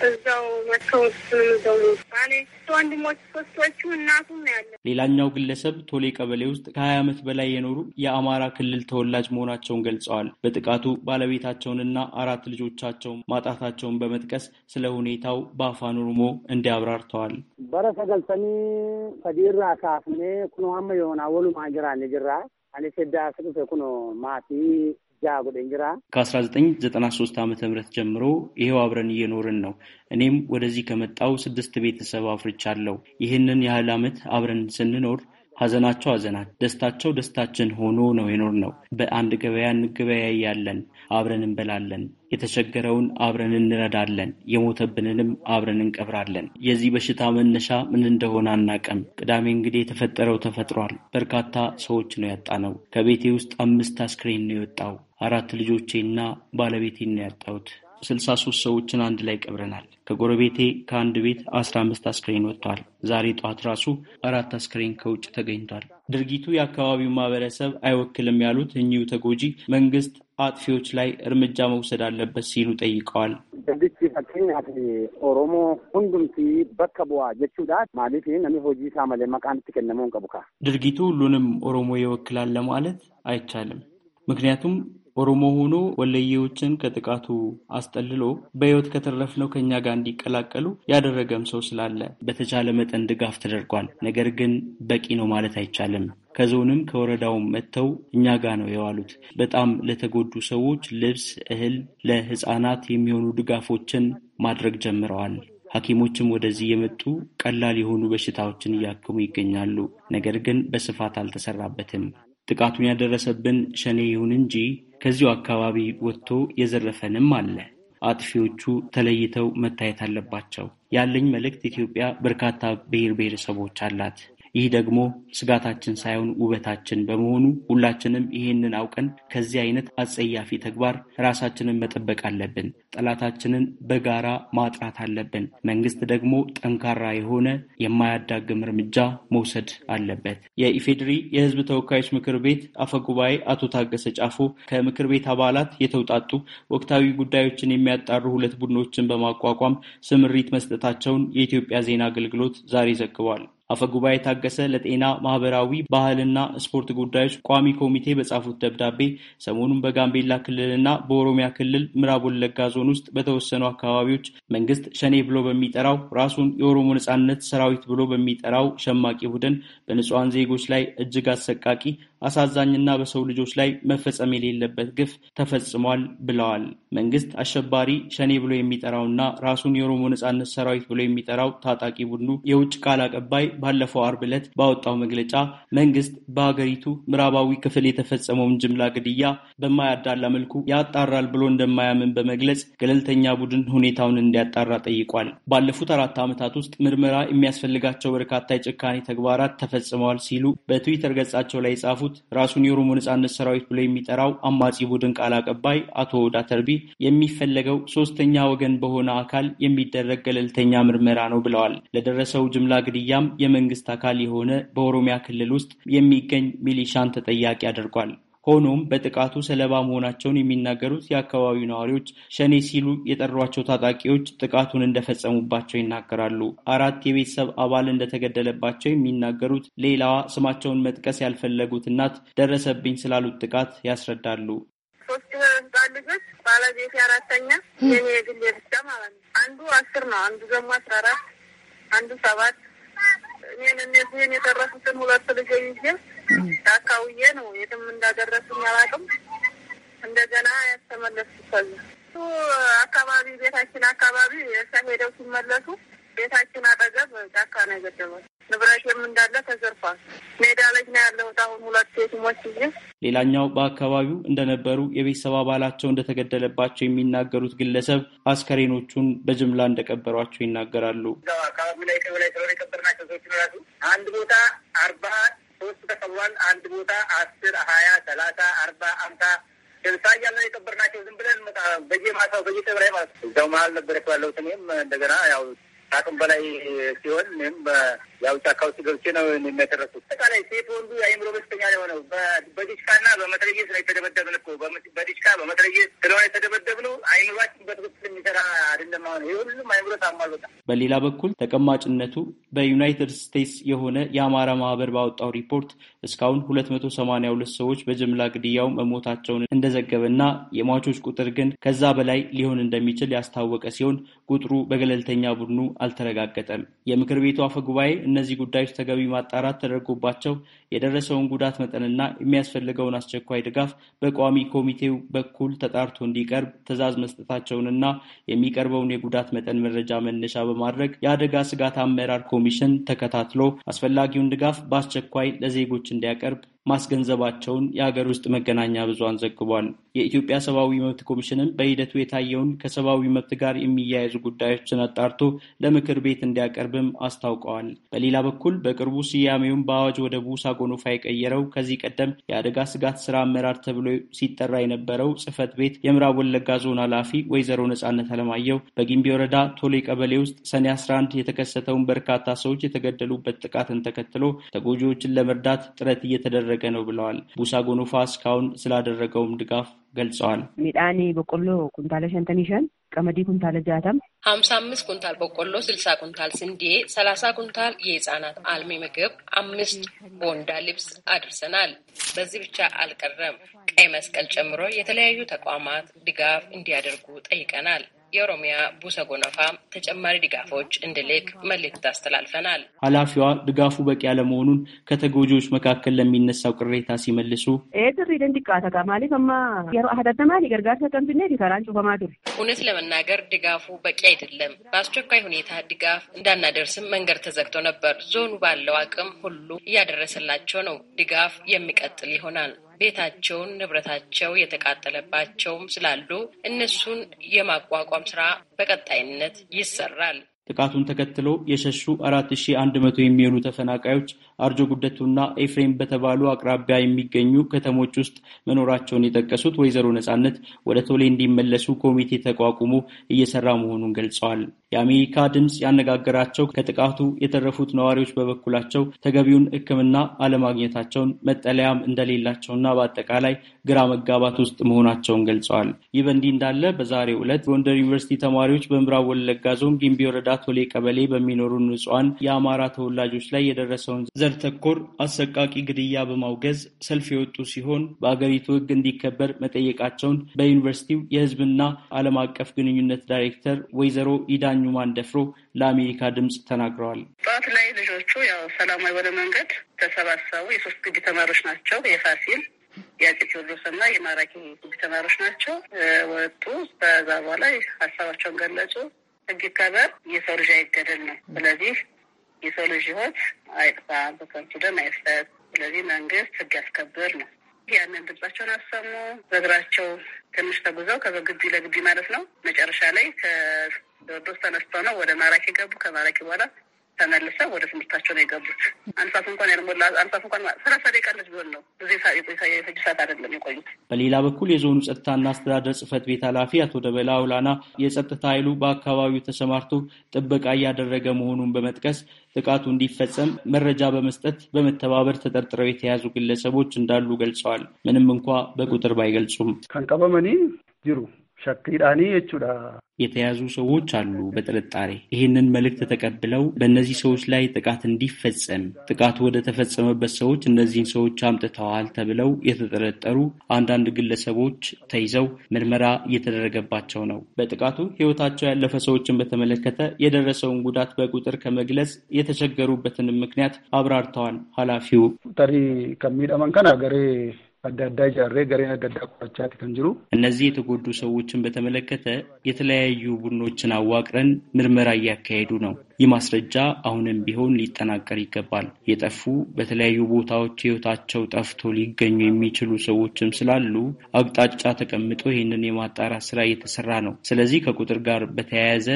S2: እዛው መተውስ ደሞ ባሌ ወንድሞች ሶስቶቹ እናቱም ያለ።
S6: ሌላኛው ግለሰብ ቶሌ ቀበሌ ውስጥ ከሀያ ዓመት በላይ የኖሩ የአማራ ክልል ተወላጅ መሆናቸውን ገልጸዋል። በጥቃቱ ባለቤታቸውንና አራት ልጆቻቸውን ማጣታቸውን በመጥቀስ ስለ ሁኔታው በአፋን ኦሮሞ እንዲያብራርተዋል።
S7: በረሰ በረሰገልሰኒ ከዲራ ካፍኔ ኩኖ ሀመ የሆና ወሉማ ጅራ ንጅራ አኔ ሴዳ ስቅፍ ኩኖ ማቲ
S6: ከ1993 ዓ ሶስት ጀምሮ ይሄው አብረን እየኖርን ነው። እኔም ወደዚህ ከመጣው ስድስት ቤተሰብ አፍርቻለሁ። ይህንን ያህል ዓመት አብረን ስንኖር ሐዘናቸው ሐዘናት፣ ደስታቸው ደስታችን ሆኖ ነው የኖር ነው። በአንድ ገበያ እንገበያያለን፣ አብረን እንበላለን፣ የተቸገረውን አብረን እንረዳለን፣ የሞተብንንም አብረን እንቀብራለን። የዚህ በሽታ መነሻ ምን እንደሆነ አናቀም። ቅዳሜ እንግዲህ የተፈጠረው ተፈጥሯል። በርካታ ሰዎች ነው ያጣ ነው። ከቤቴ ውስጥ አምስት አስክሬን ነው የወጣው። አራት ልጆቼና ባለቤቴን ነው ያጣሁት። ስልሳ ሶስት ሰዎችን አንድ ላይ ቀብረናል። ከጎረቤቴ ከአንድ ቤት አስራ አምስት አስክሬን ወጥተዋል። ዛሬ ጠዋት ራሱ አራት አስክሬን ከውጭ ተገኝቷል። ድርጊቱ የአካባቢው ማህበረሰብ አይወክልም ያሉት እኚሁ ተጎጂ መንግስት አጥፊዎች ላይ እርምጃ መውሰድ አለበት ሲሉ ጠይቀዋል።
S7: ኦሮሞ ሁንዱምቲ ጀቹዳ ነሚ ሆጂ መቃን ትከነመውን ቀቡካ
S6: ድርጊቱ ሁሉንም ኦሮሞ ይወክላል ለማለት አይቻልም። ምክንያቱም ኦሮሞ ሆኖ ወለየዎችን ከጥቃቱ አስጠልሎ በህይወት ከተረፍነው ከእኛ ጋር እንዲቀላቀሉ ያደረገም ሰው ስላለ በተቻለ መጠን ድጋፍ ተደርጓል። ነገር ግን በቂ ነው ማለት አይቻልም። ከዞንም ከወረዳውም መጥተው እኛ ጋር ነው የዋሉት። በጣም ለተጎዱ ሰዎች ልብስ፣ እህል፣ ለህፃናት የሚሆኑ ድጋፎችን ማድረግ ጀምረዋል። ሐኪሞችም ወደዚህ የመጡ ቀላል የሆኑ በሽታዎችን እያከሙ ይገኛሉ። ነገር ግን በስፋት አልተሰራበትም። ጥቃቱን ያደረሰብን ሸኔ ይሁን እንጂ ከዚሁ አካባቢ ወጥቶ የዘረፈንም አለ። አጥፊዎቹ ተለይተው መታየት አለባቸው። ያለኝ መልእክት ኢትዮጵያ በርካታ ብሔር ብሔረሰቦች አላት። ይህ ደግሞ ስጋታችን ሳይሆን ውበታችን በመሆኑ ሁላችንም ይህንን አውቀን ከዚህ አይነት አጸያፊ ተግባር ራሳችንን መጠበቅ አለብን። ጠላታችንን በጋራ ማጥራት አለብን። መንግስት ደግሞ ጠንካራ የሆነ የማያዳግም እርምጃ መውሰድ አለበት። የኢፌዴሪ የህዝብ ተወካዮች ምክር ቤት አፈ ጉባኤ አቶ ታገሰ ጫፎ ከምክር ቤት አባላት የተውጣጡ ወቅታዊ ጉዳዮችን የሚያጣሩ ሁለት ቡድኖችን በማቋቋም ስምሪት መስጠታቸውን የኢትዮጵያ ዜና አገልግሎት ዛሬ ዘግቧል። አፈ ጉባኤ ታገሰ ለጤና ማህበራዊ፣ ባህልና ስፖርት ጉዳዮች ቋሚ ኮሚቴ በጻፉት ደብዳቤ ሰሞኑን በጋምቤላ ክልልና በኦሮሚያ ክልል ምዕራብ ወለጋ ዞን ውስጥ በተወሰኑ አካባቢዎች መንግስት ሸኔ ብሎ በሚጠራው ራሱን የኦሮሞ ነጻነት ሰራዊት ብሎ በሚጠራው ሸማቂ ቡድን በንጹሐን ዜጎች ላይ እጅግ አሰቃቂ አሳዛኝና በሰው ልጆች ላይ መፈጸም የሌለበት ግፍ ተፈጽሟል ብለዋል። መንግስት አሸባሪ ሸኔ ብሎ የሚጠራውና ራሱን የኦሮሞ ነጻነት ሰራዊት ብሎ የሚጠራው ታጣቂ ቡድኑ የውጭ ቃል አቀባይ ባለፈው አርብ ዕለት ባወጣው መግለጫ መንግስት በሀገሪቱ ምዕራባዊ ክፍል የተፈጸመውን ጅምላ ግድያ በማያዳላ መልኩ ያጣራል ብሎ እንደማያምን በመግለጽ ገለልተኛ ቡድን ሁኔታውን እንዲያጣራ ጠይቋል። ባለፉት አራት ዓመታት ውስጥ ምርመራ የሚያስፈልጋቸው በርካታ የጭካኔ ተግባራት ተፈጽመዋል ሲሉ በትዊተር ገጻቸው ላይ የጻፉ የጻፉት ራሱን የኦሮሞ ነጻነት ሰራዊት ብሎ የሚጠራው አማጺ ቡድን ቃል አቀባይ አቶ ዳተርቢ የሚፈለገው ሶስተኛ ወገን በሆነ አካል የሚደረግ ገለልተኛ ምርመራ ነው ብለዋል። ለደረሰው ጅምላ ግድያም የመንግስት አካል የሆነ በኦሮሚያ ክልል ውስጥ የሚገኝ ሚሊሻን ተጠያቂ አድርጓል። ሆኖም በጥቃቱ ሰለባ መሆናቸውን የሚናገሩት የአካባቢው ነዋሪዎች ሸኔ ሲሉ የጠሯቸው ታጣቂዎች ጥቃቱን እንደፈጸሙባቸው ይናገራሉ። አራት የቤተሰብ አባል እንደተገደለባቸው የሚናገሩት ሌላዋ ስማቸውን መጥቀስ ያልፈለጉት እናት ደረሰብኝ ስላሉት ጥቃት ያስረዳሉ።
S2: ሶስት ልጆች ባለቤት አራተኛ የኔ የግሌ ብቻ ማለት ነው። አንዱ አስር ነው፣ አንዱ ደግሞ አስራ አራት አንዱ ሰባት እኔን እነዚህን የተረፉትን ሁለት ልጆ ይዤ ታካውዬ ነው የትም እንዳደረሱኝ አላውቅም። እንደገና ያስተመለሱት ከእዚያ አካባቢ ቤታችን አካባቢ ሄደው ሲመለሱ ቤታችን አጠገብ ጫካ ነው የገደበው። ንብረቴም እንዳለ ተዘርፏል። ሜዳ ላይ ነው ያለሁት አሁን ሁለት ሴትሞች ጊዜ።
S6: ሌላኛው በአካባቢው እንደነበሩ የቤተሰብ አባላቸው እንደተገደለባቸው የሚናገሩት ግለሰብ አስከሬኖቹን በጅምላ እንደቀበሯቸው ይናገራሉ።
S2: አካባቢ ላይ ቀብር ላይ ስለሆነ የቀበርናቸው ሰዎች ይኖራሉ። አንድ ቦታ አርባ ሶስት ተቀብሯል። አንድ ቦታ አስር ሀያ ሰላሳ አርባ አምሳ ስልሳ እያለ የቀበርናቸው ዝም ብለን በየማሳው ማሳው በየ ጥብራይ ማለት እዛው መሀል ነበር ያለው። እኔም እንደገና ያው አቅም በላይ ሲሆን እኔም ያው ጫካ ውስጥ ገብቼ ነው የሚያተረሱት። አጠቃላይ ሴት ወንዱ የአእምሮ በሽተኛ የሆነው በዲሽቃና በመትረየስ ነው የተደበደብን እኮ በዲሽቃ
S7: በመትረየስ ስለሆነ የተደበደብነው አእምሯችን በትክክል የሚሰራ አይደለም። ሆነ ይህ ሁሉም አይምሮ ታሟል።
S6: በሌላ በኩል ተቀማጭነቱ በዩናይትድ ስቴትስ የሆነ የአማራ ማህበር ባወጣው ሪፖርት እስካሁን 282 ሰዎች በጅምላ ግድያው መሞታቸውን እንደዘገበና የሟቾች ቁጥር ግን ከዛ በላይ ሊሆን እንደሚችል ያስታወቀ ሲሆን ቁጥሩ በገለልተኛ ቡድኑ አልተረጋገጠም። የምክር ቤቱ አፈ ጉባኤ እነዚህ ጉዳዮች ተገቢ ማጣራት ተደርጎባቸው የደረሰውን ጉዳት መጠንና የሚያስፈልገውን አስቸኳይ ድጋፍ በቋሚ ኮሚቴው በኩል ተጣርቶ እንዲቀርብ ትዕዛዝ መስጠታቸውንና የሚቀርበውን የጉዳት መጠን መረጃ መነሻ በማድረግ የአደጋ ስጋት አመራር ኮሚሽን ተከታትሎ አስፈላጊውን ድጋፍ በአስቸኳይ ለዜጎች እንዲያቀርብ ማስገንዘባቸውን የአገር ውስጥ መገናኛ ብዙሃን ዘግቧል። የኢትዮጵያ ሰብአዊ መብት ኮሚሽንም በሂደቱ የታየውን ከሰብአዊ መብት ጋር የሚያያዙ ጉዳዮችን አጣርቶ ለምክር ቤት እንዲያቀርብም አስታውቀዋል። በሌላ በኩል በቅርቡ ስያሜውን በአዋጅ ወደ ቡሳ ጎኖፋ የቀየረው ከዚህ ቀደም የአደጋ ስጋት ስራ አመራር ተብሎ ሲጠራ የነበረው ጽህፈት ቤት የምዕራብ ወለጋ ዞን ኃላፊ ወይዘሮ ነጻነት አለማየሁ በጊምቢ ወረዳ ቶሌ ቀበሌ ውስጥ ሰኔ 11 የተከሰተውን በርካታ ሰዎች የተገደሉበት ጥቃትን ተከትሎ ተጎጂዎችን ለመርዳት ጥረት እየተደረገ እያደረገ ነው ብለዋል። ቡሳ ጎኖፋ እስካሁን ስላደረገውም ድጋፍ
S3: ገልጸዋል። ሚዳኒ በቆሎ ኩንታለ ሸንተኒሸን ቀመዲ ኩንታለ ጃታም
S1: ሀምሳ አምስት ኩንታል በቆሎ ስልሳ ኩንታል ስንዴ ሰላሳ ኩንታል የህፃናት አልሚ ምግብ አምስት ቦንዳ ልብስ አድርሰናል። በዚህ ብቻ አልቀረም። ቀይ መስቀል ጨምሮ የተለያዩ ተቋማት ድጋፍ እንዲያደርጉ ጠይቀናል። የኦሮሚያ ቡሰ ጎነፋ ተጨማሪ ድጋፎች እንድልክ መልእክት አስተላልፈናል።
S6: ኃላፊዋ ድጋፉ በቂ ያለመሆኑን ከተጎጂዎች መካከል ለሚነሳው ቅሬታ ሲመልሱ
S1: eh, እውነት ለመናገር ድጋፉ በቂ አይደለም። በአስቸኳይ ሁኔታ ድጋፍ እንዳናደርስም መንገድ ተዘግቶ ነበር። ዞኑ ባለው አቅም ሁሉ እያደረሰላቸው ነው። ድጋፍ የሚቀጥል ይሆናል። ቤታቸውን፣ ንብረታቸው የተቃጠለባቸውም ስላሉ እነሱን የማቋቋም ስራ በቀጣይነት ይሰራል።
S6: ጥቃቱን ተከትሎ የሸሹ 4100 የሚሆኑ ተፈናቃዮች አርጆ ጉደቱና ኤፍሬም በተባሉ አቅራቢያ የሚገኙ ከተሞች ውስጥ መኖራቸውን የጠቀሱት ወይዘሮ ነጻነት ወደ ቶሌ እንዲመለሱ ኮሚቴ ተቋቁሞ እየሰራ መሆኑን ገልጸዋል። የአሜሪካ ድምፅ ያነጋገራቸው ከጥቃቱ የተረፉት ነዋሪዎች በበኩላቸው ተገቢውን ሕክምና አለማግኘታቸውን፣ መጠለያም እንደሌላቸውና በአጠቃላይ ግራ መጋባት ውስጥ መሆናቸውን ገልጸዋል። ይህ በእንዲህ እንዳለ በዛሬው ዕለት ጎንደር ዩኒቨርሲቲ ተማሪዎች በምዕራብ ወለጋ ዞን ጊምቢ ወረዳ ቶሌ ቀበሌ በሚኖሩ ንጹሐን የአማራ ተወላጆች ላይ የደረሰውን ዘር ተኮር አሰቃቂ ግድያ በማውገዝ ሰልፍ የወጡ ሲሆን በአገሪቱ ሕግ እንዲከበር መጠየቃቸውን በዩኒቨርሲቲው የሕዝብና ዓለም አቀፍ ግንኙነት ዳይሬክተር ወይዘሮ ኢዳኙ ማንደፍሮ ለአሜሪካ ድምፅ ተናግረዋል።
S2: ጠዋት ላይ ልጆቹ ያው ሰላማዊ ወደ መንገድ ተሰባሰቡ። የሶስት ግቢ ተማሪዎች ናቸው የፋሲል የአፄ ቴዎድሮስና የማራኪ ግቢ ተማሪዎች
S8: ናቸው። ወጡ። በዛ በኋላ ሀሳባቸውን ገለጹ። ህግ ይከበር፣ የሰው ልጅ አይገደል ነው። ስለዚህ የሰው ልጅ ህይወት አይጥፋ፣ በከንቱ ደም አይፍሰስ።
S9: ስለዚህ መንግስት ህግ ያስከብር ነው። ያንን ድምጻቸውን አሰሙ። በእግራቸው ትንሽ ተጉዘው ከግቢ ለግቢ ማለት ነው። መጨረሻ ላይ ከዶርዶስ ተነስተው ነው ወደ ማራኪ ገቡ። ከማራኪ በኋላ
S2: ተመልሰው ወደ ትምህርታቸው ነው የገቡት። አንሳት እንኳን ያልሞላ አንሳት
S7: እንኳን ሰላሳ ደቂቃ ልጅ ቢሆን ነው ብዙ የፈጅ ሰዓት አይደለም የቆዩት።
S6: በሌላ በኩል የዞኑ ጸጥታና አስተዳደር ጽህፈት ቤት ኃላፊ አቶ ደበላ ውላና የጸጥታ ኃይሉ በአካባቢው ተሰማርቶ ጥበቃ እያደረገ መሆኑን በመጥቀስ ጥቃቱ እንዲፈጸም መረጃ በመስጠት በመተባበር ተጠርጥረው የተያዙ ግለሰቦች እንዳሉ ገልጸዋል። ምንም እንኳ በቁጥር ባይገልጹም
S7: ከንቀበመኒ ጅሩ ሸክዳኔ የቹዳ
S6: የተያዙ ሰዎች አሉ በጥርጣሬ ይህንን መልእክት ተቀብለው በእነዚህ ሰዎች ላይ ጥቃት እንዲፈጸም ጥቃቱ ወደ ተፈጸመበት ሰዎች እነዚህን ሰዎች አምጥተዋል ተብለው የተጠረጠሩ አንዳንድ ግለሰቦች ተይዘው ምርመራ እየተደረገባቸው ነው። በጥቃቱ ሕይወታቸው ያለፈ ሰዎችን በተመለከተ የደረሰውን ጉዳት በቁጥር ከመግለጽ የተቸገሩበትንም ምክንያት አብራርተዋል ኃላፊው
S7: ጠሪ ከሚደመንከን ሀገሬ አዳዳ ጃሬ ገሬና አዳዳ ቆረቻት ከንጅሩ
S6: እነዚህ የተጎዱ ሰዎችን በተመለከተ የተለያዩ ቡድኖችን አዋቅረን ምርመራ እያካሄዱ ነው። ይህ ማስረጃ አሁንም ቢሆን ሊጠናቀር ይገባል። የጠፉ በተለያዩ ቦታዎች ህይወታቸው ጠፍቶ ሊገኙ የሚችሉ ሰዎችም ስላሉ አቅጣጫ ተቀምጦ ይህንን የማጣራት ስራ እየተሰራ ነው። ስለዚህ ከቁጥር ጋር በተያያዘ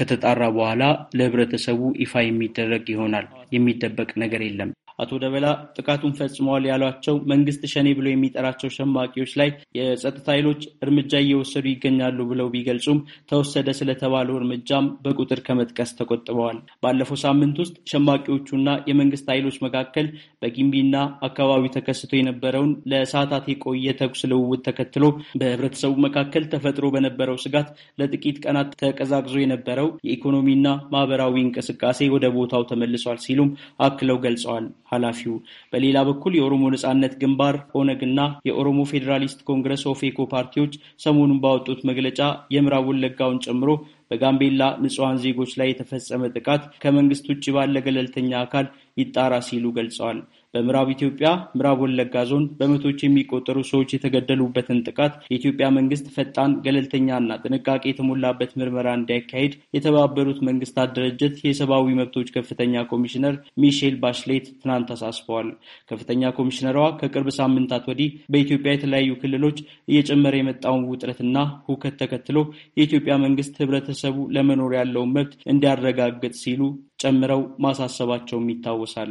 S6: ከተጣራ በኋላ ለህብረተሰቡ ይፋ የሚደረግ ይሆናል። የሚደበቅ ነገር የለም። አቶ ደበላ ጥቃቱን ፈጽመዋል ያሏቸው መንግስት ሸኔ ብሎ የሚጠራቸው ሸማቂዎች ላይ የጸጥታ ኃይሎች እርምጃ እየወሰዱ ይገኛሉ ብለው ቢገልጹም ተወሰደ ስለተባለው እርምጃም በቁጥር ከመጥቀስ ተቆጥበዋል። ባለፈው ሳምንት ውስጥ ሸማቂዎቹና የመንግስት ኃይሎች መካከል በጊምቢና አካባቢው ተከስቶ የነበረውን ለሰዓታት የቆየ ተኩስ ልውውጥ ተከትሎ በህብረተሰቡ መካከል ተፈጥሮ በነበረው ስጋት ለጥቂት ቀናት ተቀዛቅዞ የነበረው የኢኮኖሚና ማህበራዊ እንቅስቃሴ ወደ ቦታው ተመልሷል ሲሉም አክለው ገልጸዋል። ኃላፊው። በሌላ በኩል የኦሮሞ ነጻነት ግንባር ኦነግና የኦሮሞ ፌዴራሊስት ኮንግረስ ኦፌኮ ፓርቲዎች ሰሞኑን ባወጡት መግለጫ የምዕራብ ወለጋውን ጨምሮ በጋምቤላ ንጹሐን ዜጎች ላይ የተፈጸመ ጥቃት ከመንግስት ውጭ ባለ ገለልተኛ አካል ይጣራ ሲሉ ገልጸዋል። በምዕራብ ኢትዮጵያ ምዕራብ ወለጋ ዞን በመቶዎች የሚቆጠሩ ሰዎች የተገደሉበትን ጥቃት የኢትዮጵያ መንግስት ፈጣን ገለልተኛና ጥንቃቄ የተሞላበት ምርመራ እንዲያካሄድ የተባበሩት መንግስታት ድርጅት የሰብአዊ መብቶች ከፍተኛ ኮሚሽነር ሚሼል ባሽሌት ትናንት አሳስበዋል። ከፍተኛ ኮሚሽነሯ ከቅርብ ሳምንታት ወዲህ በኢትዮጵያ የተለያዩ ክልሎች እየጨመረ የመጣውን ውጥረትና ሁከት ተከትሎ የኢትዮጵያ መንግስት ህብረተሰቡ ለመኖር ያለውን መብት እንዲያረጋግጥ ሲሉ ጨምረው ማሳሰባቸውም ይታወሳል።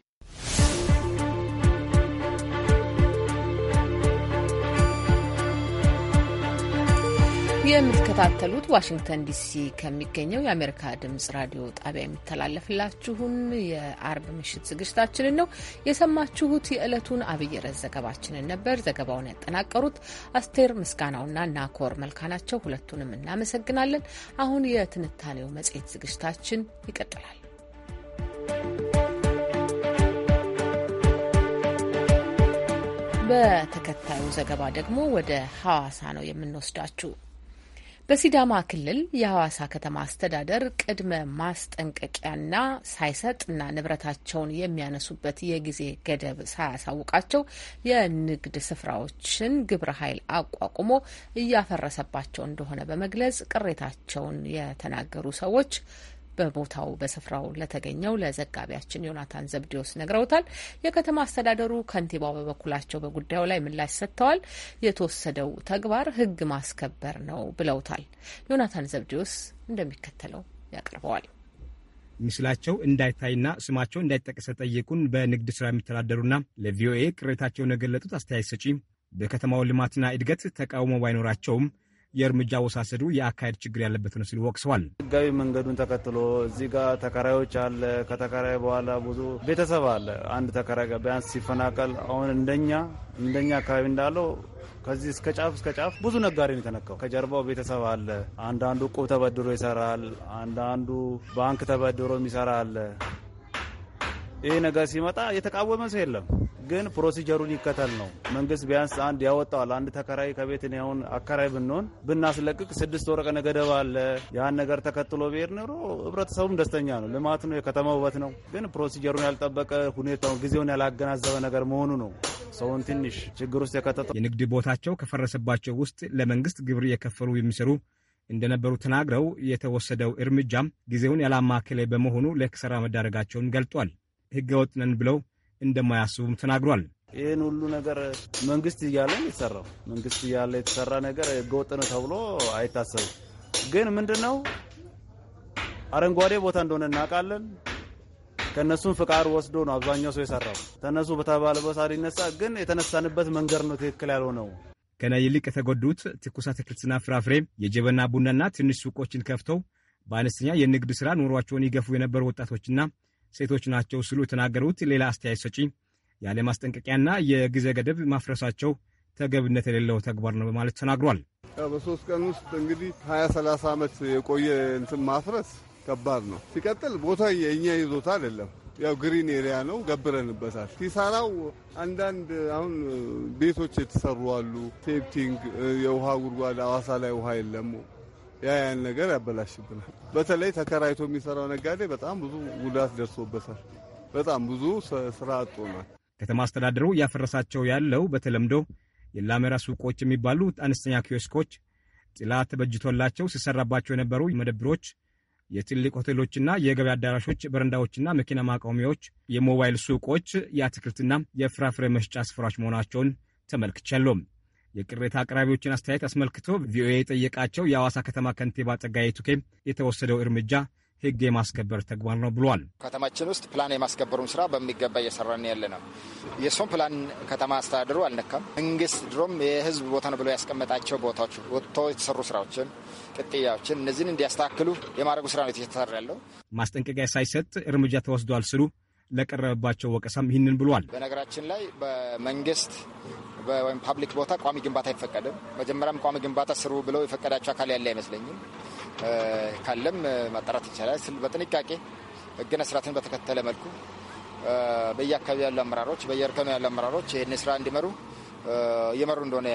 S1: የምትከታተሉት ዋሽንግተን ዲሲ ከሚገኘው የአሜሪካ ድምጽ ራዲዮ ጣቢያ የሚተላለፍላችሁን የአርብ ምሽት ዝግጅታችንን ነው የሰማችሁት። የዕለቱን አብይ ርዕስ ዘገባችንን ነበር። ዘገባውን ያጠናቀሩት አስቴር ምስጋናውና ናኮር መልካ ናቸው። ሁለቱንም እናመሰግናለን። አሁን የትንታኔው መጽሔት ዝግጅታችን ይቀጥላል። በተከታዩ ዘገባ ደግሞ ወደ ሐዋሳ ነው የምንወስዳችሁ። በሲዳማ ክልል የሐዋሳ ከተማ አስተዳደር ቅድመ ማስጠንቀቂያና ሳይሰጥና ንብረታቸውን የሚያነሱበት የጊዜ ገደብ ሳያሳውቃቸው የንግድ ስፍራዎችን ግብረ ኃይል አቋቁሞ እያፈረሰባቸው እንደሆነ በመግለጽ ቅሬታቸውን የተናገሩ ሰዎች በቦታው በስፍራው ለተገኘው ለዘጋቢያችን ዮናታን ዘብዲዎስ ነግረውታል። የከተማ አስተዳደሩ ከንቲባው በበኩላቸው በጉዳዩ ላይ ምላሽ ሰጥተዋል። የተወሰደው ተግባር ሕግ ማስከበር ነው ብለውታል። ዮናታን ዘብዲዎስ እንደሚከተለው ያቀርበዋል።
S10: ምስላቸው እንዳይታይና ስማቸው እንዳይጠቀስ ጠየቁን በንግድ ስራ የሚተዳደሩና ለቪኦኤ ቅሬታቸውን የገለጡት አስተያየት ሰጪ በከተማው ልማትና እድገት ተቃውሞ ባይኖራቸውም የእርምጃ ወሳሰዱ የአካሄድ ችግር ያለበት ነው ሲሉ ወቅሰዋል።
S11: ህጋዊ መንገዱን ተከትሎ እዚህ ጋር ተከራዮች አለ። ከተከራይ በኋላ ብዙ ቤተሰብ አለ። አንድ ተከራይ ጋር ቢያንስ ሲፈናቀል አሁን እንደኛ እንደኛ አካባቢ እንዳለው ከዚህ እስከ ጫፍ እስከ ጫፍ ብዙ ነጋዴ ነው የተነካው። ከጀርባው ቤተሰብ አለ። አንዳንዱ ቁብ ተበድሮ ይሰራል። አንዳንዱ ባንክ ተበድሮ የሚሰራ አለ። ይህ ነገር ሲመጣ የተቃወመ ሰው የለም። ግን ፕሮሲጀሩን ይከተል ነው መንግስት ቢያንስ አንድ ያወጣዋል። አንድ ተከራይ ከቤት ሁን አከራይ ብንሆን ብናስለቅቅ ስድስት ወር ቀነ ገደብ አለ። ያን ነገር ተከትሎ ብሄድ ኖሮ ህብረተሰቡም ደስተኛ ነው። ልማት ነው፣ የከተማ ውበት ነው። ግን ፕሮሲጀሩን ያልጠበቀ ሁኔታውን፣ ጊዜውን ያላገናዘበ ነገር መሆኑ ነው ሰውን ትንሽ ችግር
S10: ውስጥ የከተተው። የንግድ ቦታቸው ከፈረሰባቸው ውስጥ ለመንግስት ግብር የከፈሉ የሚሰሩ እንደነበሩ ተናግረው የተወሰደው እርምጃም ጊዜውን ያላማከለ በመሆኑ ለክሰራ መዳረጋቸውን ገልጧል። ህገወጥ ነን ብለው እንደማያስቡም ተናግሯል።
S11: ይህን ሁሉ ነገር መንግስት እያለ የተሰራው መንግስት እያለ የተሰራ ነገር ህገወጥ ነው ተብሎ አይታሰብም። ግን ምንድን ነው አረንጓዴ ቦታ እንደሆነ እናውቃለን። ከእነሱም ፍቃድ ወስዶ ነው አብዛኛው ሰው የሰራው። ተነሱ በተባለ ሰዓት ይነሳ፣ ግን የተነሳንበት መንገድ ነው ትክክል ያልሆነው።
S10: ከና ይልቅ የተጎዱት ትኩስ አትክልትና ፍራፍሬ፣ የጀበና ቡናና ትንሽ ሱቆችን ከፍተው በአነስተኛ የንግድ ስራ ኑሯቸውን ይገፉ የነበሩ ወጣቶችና ሴቶች ናቸው ስሉ የተናገሩት ሌላ አስተያየት ሰጪ ያለ ማስጠንቀቂያና የጊዜ ገደብ ማፍረሳቸው ተገብነት የሌለው ተግባር ነው በማለት ተናግሯል።
S7: በሶስት ቀን ውስጥ እንግዲህ ሀያ ሰላሳ ዓመት የቆየ እንትን ማፍረስ ከባድ ነው። ሲቀጥል ቦታ የእኛ ይዞታ አይደለም። ያው ግሪን ኤሪያ ነው፣ ገብረንበታል። ሲሰራው አንዳንድ አሁን ቤቶች የተሰሩ አሉ። ሴፕቲንግ የውሃ ጉድጓድ አዋሳ ላይ ውሃ የለም ያ ያን ነገር ያበላሽብናል። በተለይ ተከራይቶ የሚሰራው ነጋዴ በጣም ብዙ ጉዳት ደርሶበታል። በጣም ብዙ ስራ አጥቶናል።
S10: ከተማ አስተዳደሩ እያፈረሳቸው ያለው በተለምዶ የላሜራ ሱቆች የሚባሉ አነስተኛ ኪዮስኮች፣ ጥላ ተበጅቶላቸው ሲሰራባቸው የነበሩ መደብሮች፣ የትልቅ ሆቴሎችና የገበያ አዳራሾች በረንዳዎችና መኪና ማቆሚያዎች፣ የሞባይል ሱቆች፣ የአትክልትና የፍራፍሬ መሸጫ ስፍራዎች መሆናቸውን ተመልክቻለሁ። የቅሬታ አቅራቢዎችን አስተያየት አስመልክቶ ቪኦኤ የጠየቃቸው የአዋሳ ከተማ ከንቲባ ጸጋዬ ቱኬ የተወሰደው እርምጃ ህግ የማስከበር ተግባር ነው ብሏል።
S12: ከተማችን ውስጥ ፕላን የማስከበሩን ስራ በሚገባ እየሰራን ያለ ነው። የእሱን ፕላን ከተማ አስተዳደሩ አልነካም። መንግስት ድሮም የህዝብ ቦታ ነው ብሎ ያስቀመጣቸው ቦታዎች ወጥቶ የተሰሩ ስራዎችን፣ ቅጥያዎችን እነዚህን እንዲያስተካክሉ የማድረጉ ስራ ነው እየተሰራ ያለው።
S10: ማስጠንቀቂያ ሳይሰጥ እርምጃ ተወስዷል ስሉ ለቀረበባቸው ወቀሳም ይህንን ብሏል።
S12: በነገራችን ላይ በመንግስት ወይም ፓብሊክ ቦታ ቋሚ ግንባታ አይፈቀድም። መጀመሪያም ቋሚ ግንባታ ስሩ ብለው የፈቀዳቸው አካል ያለ አይመስለኝም። ካለም ማጣራት ይቻላል። በጥንቃቄ ሕግና ስርዓትን በተከተለ መልኩ በየአካባቢ ያሉ አመራሮች፣ በየእርከኑ ያሉ አመራሮች ይህን ስራ እንዲመሩ እየመሩ እንደሆነ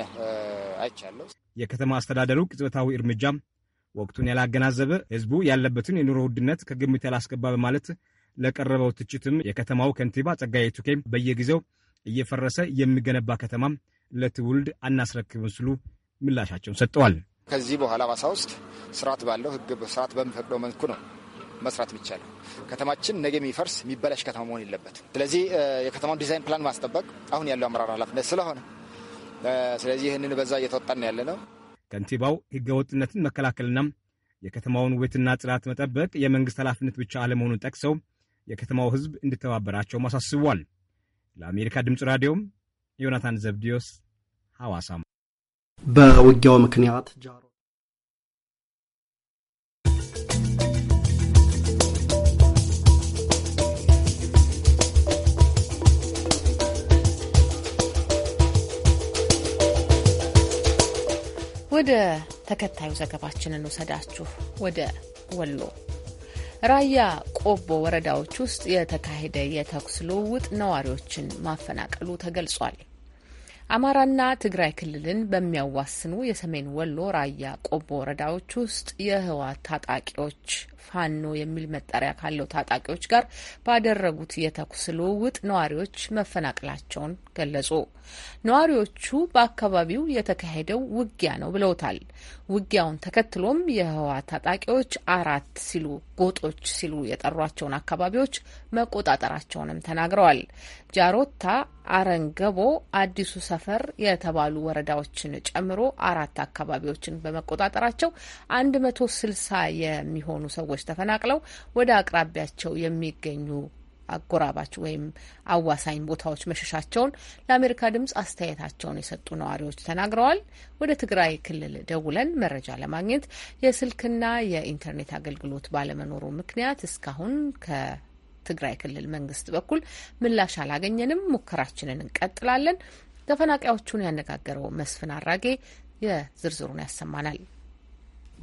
S12: አይቻለሁ።
S10: የከተማ አስተዳደሩ ቅጽበታዊ እርምጃ ወቅቱን ያላገናዘበ ህዝቡ ያለበትን የኑሮ ውድነት ከግምት ያላስገባ በማለት ለቀረበው ትችትም የከተማው ከንቲባ ጸጋዬ ቱኬ በየጊዜው እየፈረሰ የሚገነባ ከተማም ለትውልድ አናስረክብም ሲሉ ምላሻቸውን ሰጥተዋል።
S12: ከዚህ በኋላ ሐዋሳ ውስጥ ስርዓት ባለው ህግ ስርዓት በሚፈቅደው መልኩ ነው መስራት የሚቻለው። ከተማችን ነገ የሚፈርስ የሚበላሽ ከተማ መሆን የለበት። ስለዚህ የከተማውን ዲዛይን ፕላን ማስጠበቅ አሁን ያለው አመራር ኃላፊነት ስለሆነ ስለዚህ ይህንን በዛ እየተወጣን ያለ ነው።
S10: ከንቲባው ህገወጥነትን መከላከልና የከተማውን ውበትና ጽዳት መጠበቅ የመንግስት ኃላፊነት ብቻ አለመሆኑን ጠቅሰው የከተማው ህዝብ እንዲተባበራቸው አሳስቧል። ለአሜሪካ ድምፅ ራዲዮም ዮናታን ዘብዲዮስ ሐዋሳም
S13: በውጊያው ምክንያት ጃሮ
S1: ወደ ተከታዩ ዘገባችንን ውሰዳችሁ ወደ ወሎ ራያ ቆቦ ወረዳዎች ውስጥ የተካሄደ የተኩስ ልውውጥ ነዋሪዎችን ማፈናቀሉ ተገልጿል። አማራና ትግራይ ክልልን በሚያዋስኑ የሰሜን ወሎ ራያ ቆቦ ወረዳዎች ውስጥ የህወሓት ታጣቂዎች ፋኖ የሚል መጠሪያ ካለው ታጣቂዎች ጋር ባደረጉት የተኩስ ልውውጥ ነዋሪዎች መፈናቀላቸውን ገለጹ። ነዋሪዎቹ በአካባቢው የተካሄደው ውጊያ ነው ብለውታል። ውጊያውን ተከትሎም የህወሓት ታጣቂዎች አራት ሲሉ ጎጦች ሲሉ የጠሯቸውን አካባቢዎች መቆጣጠራቸውንም ተናግረዋል። ጃሮታ፣ አረንገቦ፣ አዲሱ ሰፈር የተባሉ ወረዳዎችን ጨምሮ አራት አካባቢዎችን በመቆጣጠራቸው አንድ መቶ ስልሳ የሚሆኑ ሰዎች ተፈናቅለው ወደ አቅራቢያቸው የሚገኙ አጎራባች ወይም አዋሳኝ ቦታዎች መሸሻቸውን ለአሜሪካ ድምጽ አስተያየታቸውን የሰጡ ነዋሪዎች ተናግረዋል። ወደ ትግራይ ክልል ደውለን መረጃ ለማግኘት የስልክና የኢንተርኔት አገልግሎት ባለመኖሩ ምክንያት እስካሁን ከትግራይ ክልል መንግስት በኩል ምላሽ አላገኘንም። ሙከራችንን እንቀጥላለን። ተፈናቃዮቹን ያነጋገረው መስፍን አራጌ የዝርዝሩን ያሰማናል።